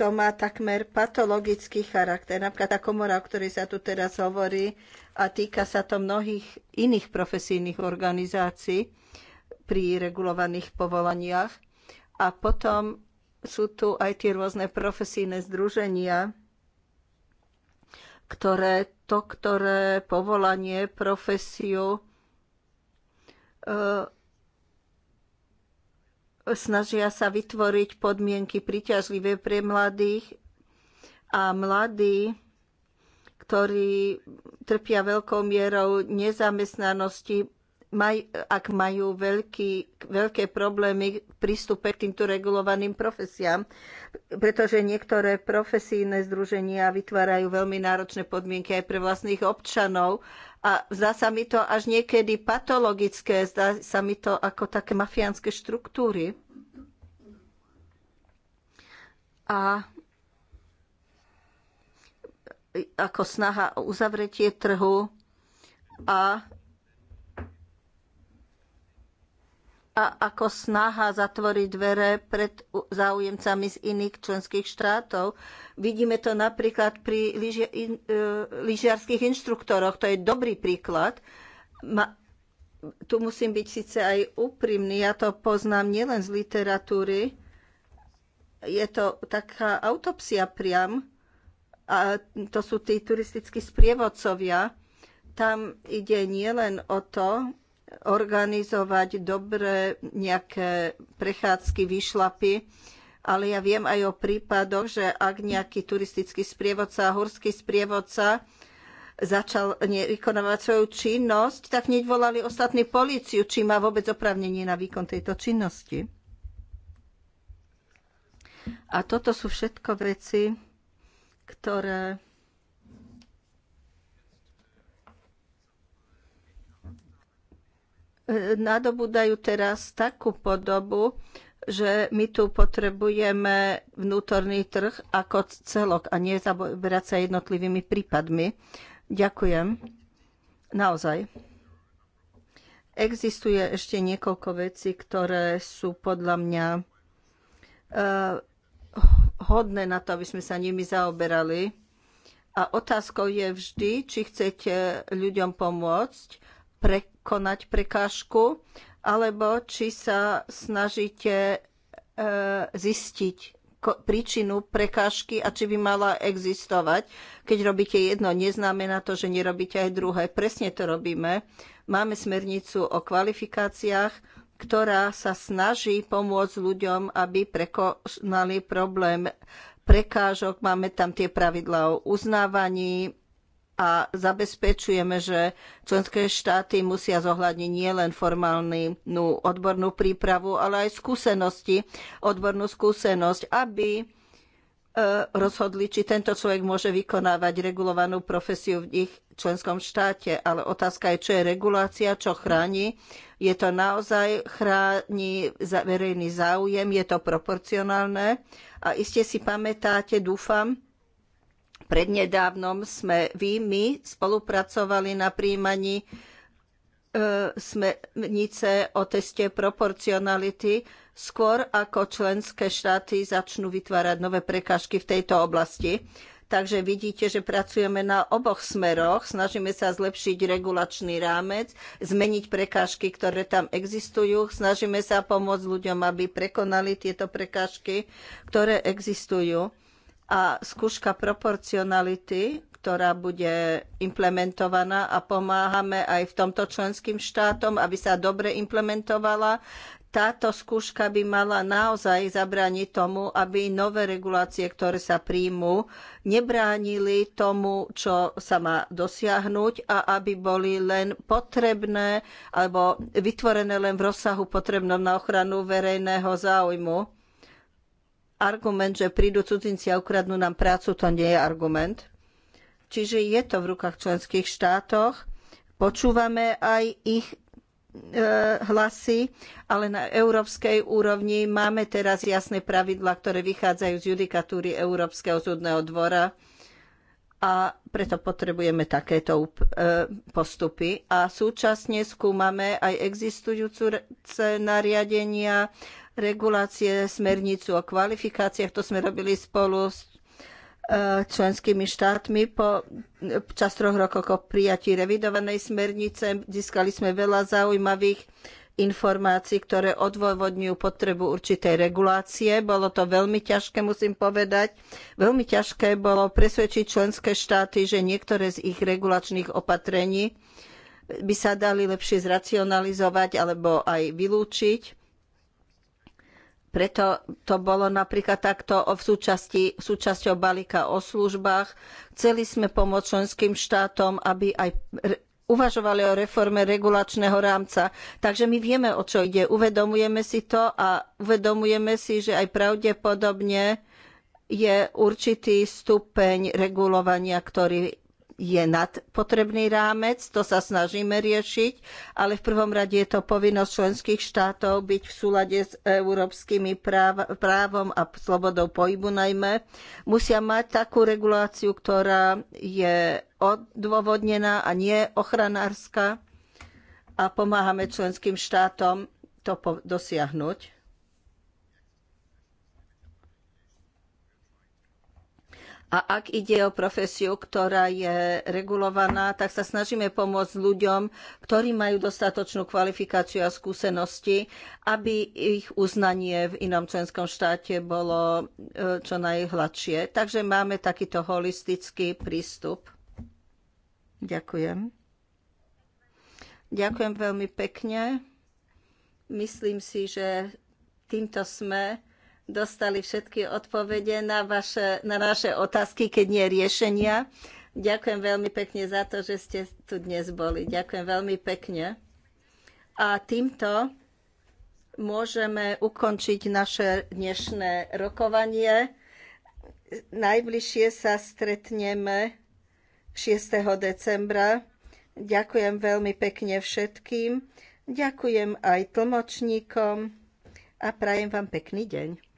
[SPEAKER 2] to má takmer patologický charakter. Napríklad tá komora, o ktorej sa tu teraz hovorí a týka sa to mnohých iných profesijných organizácií pri regulovaných povolaniach. A potom sú tu aj tie rôzne profesijné združenia, ktoré to, ktoré povolanie, profesiu e, snažia sa vytvoriť podmienky príťažlivé pre mladých a mladí, ktorí trpia veľkou mierou nezamestnanosti, maj, ak majú veľký, veľké problémy v prístupe k týmto regulovaným profesiám, pretože niektoré profesijné združenia vytvárajú veľmi náročné podmienky aj pre vlastných občanov a zdá sa mi to až niekedy patologické, zdá sa mi to ako také mafiánske štruktúry. A ako snaha o uzavretie trhu a a ako snaha zatvoriť dvere pred záujemcami z iných členských štátov. Vidíme to napríklad pri e, lyžiarských inštruktoroch, to je dobrý príklad. Ma, tu musím byť síce aj úprimný, ja to poznám nielen z literatúry, je to taká autopsia priam, a to sú tí turistickí sprievodcovia. Tam ide nielen o to, organizovať dobre nejaké prechádzky, výšlapy, ale ja viem aj o prípadoch, že ak nejaký turistický sprievodca, horský sprievodca začal vykonávať svoju činnosť, tak hneď volali ostatní policiu či má vôbec opravnenie na výkon tejto činnosti. A toto sú všetko veci, ktoré E, nadobúdajú teraz takú podobu, že my tu potrebujeme vnútorný trh ako celok a nie zaberať sa jednotlivými prípadmi. Ďakujem. Naozaj. Existuje ešte niekoľko vecí, ktoré sú podľa mňa e, hodné na to, aby sme sa nimi zaoberali. A otázkou je vždy, či chcete ľuďom pomôcť prekonať prekážku, alebo či sa snažíte e, zistiť príčinu prekážky a či by mala existovať. Keď robíte jedno, neznamená to, že nerobíte aj druhé. Presne to robíme. Máme smernicu o kvalifikáciách, ktorá sa snaží pomôcť ľuďom, aby prekonali problém prekážok. Máme tam tie pravidlá o uznávaní a zabezpečujeme, že členské štáty musia zohľadniť nielen formálnu odbornú prípravu, ale aj skúsenosti, odbornú skúsenosť, aby e, rozhodli, či tento človek môže vykonávať regulovanú profesiu v ich členskom štáte. Ale otázka je, čo je regulácia, čo chráni. Je to naozaj chráni verejný záujem, je to proporcionálne. A iste si pamätáte, dúfam, Prednedávnom sme vy, my spolupracovali na príjmaní e, smernice o teste proporcionality skôr ako členské štáty začnú vytvárať nové prekážky v tejto oblasti. Takže vidíte, že pracujeme na oboch smeroch. Snažíme sa zlepšiť regulačný rámec, zmeniť prekážky, ktoré tam existujú. Snažíme sa pomôcť ľuďom, aby prekonali tieto prekážky, ktoré existujú a skúška proporcionality, ktorá bude implementovaná a pomáhame aj v tomto členským štátom, aby sa dobre implementovala. Táto skúška by mala naozaj zabrániť tomu, aby nové regulácie, ktoré sa príjmú, nebránili tomu, čo sa má dosiahnuť a aby boli len potrebné alebo vytvorené len v rozsahu potrebnom na ochranu verejného záujmu argument, že prídu cudzinci a ukradnú nám prácu, to nie je argument. Čiže je to v rukách členských štátoch. Počúvame aj ich e, hlasy, ale na európskej úrovni máme teraz jasné pravidlá, ktoré vychádzajú z judikatúry Európskeho súdneho dvora a preto potrebujeme takéto e, postupy. A súčasne skúmame aj existujúce nariadenia regulácie, smernicu o kvalifikáciách. To sme robili spolu s e, členskými štátmi. Po čas troch rokov po prijatí revidovanej smernice získali sme veľa zaujímavých informácií, ktoré odôvodňujú potrebu určitej regulácie. Bolo to veľmi ťažké, musím povedať. Veľmi ťažké bolo presvedčiť členské štáty, že niektoré z ich regulačných opatrení by sa dali lepšie zracionalizovať alebo aj vylúčiť. Preto to bolo napríklad takto v súčasti, súčasťou balíka o službách. Chceli sme pomôcť členským štátom, aby aj uvažovali o reforme regulačného rámca. Takže my vieme, o čo ide. Uvedomujeme si to a uvedomujeme si, že aj pravdepodobne je určitý stupeň regulovania, ktorý je nad potrebný rámec, to sa snažíme riešiť, ale v prvom rade je to povinnosť členských štátov byť v súlade s európskymi práv, právom a slobodou pohybu najmä. Musia mať takú reguláciu, ktorá je odôvodnená a nie ochranárska a pomáhame členským štátom to dosiahnuť. A ak ide o profesiu, ktorá je regulovaná, tak sa snažíme pomôcť ľuďom, ktorí majú dostatočnú kvalifikáciu a skúsenosti, aby ich uznanie v inom členskom štáte bolo e, čo najhladšie. Takže máme takýto holistický prístup. Ďakujem. Ďakujem veľmi pekne. Myslím si, že týmto sme dostali všetky odpovede na, vaše, na naše otázky, keď nie riešenia. Ďakujem veľmi pekne za to, že ste tu dnes boli. Ďakujem veľmi pekne. A týmto môžeme ukončiť naše dnešné rokovanie. Najbližšie sa stretneme 6. decembra. Ďakujem veľmi pekne všetkým. Ďakujem aj tlmočníkom a prajem vám pekný deň.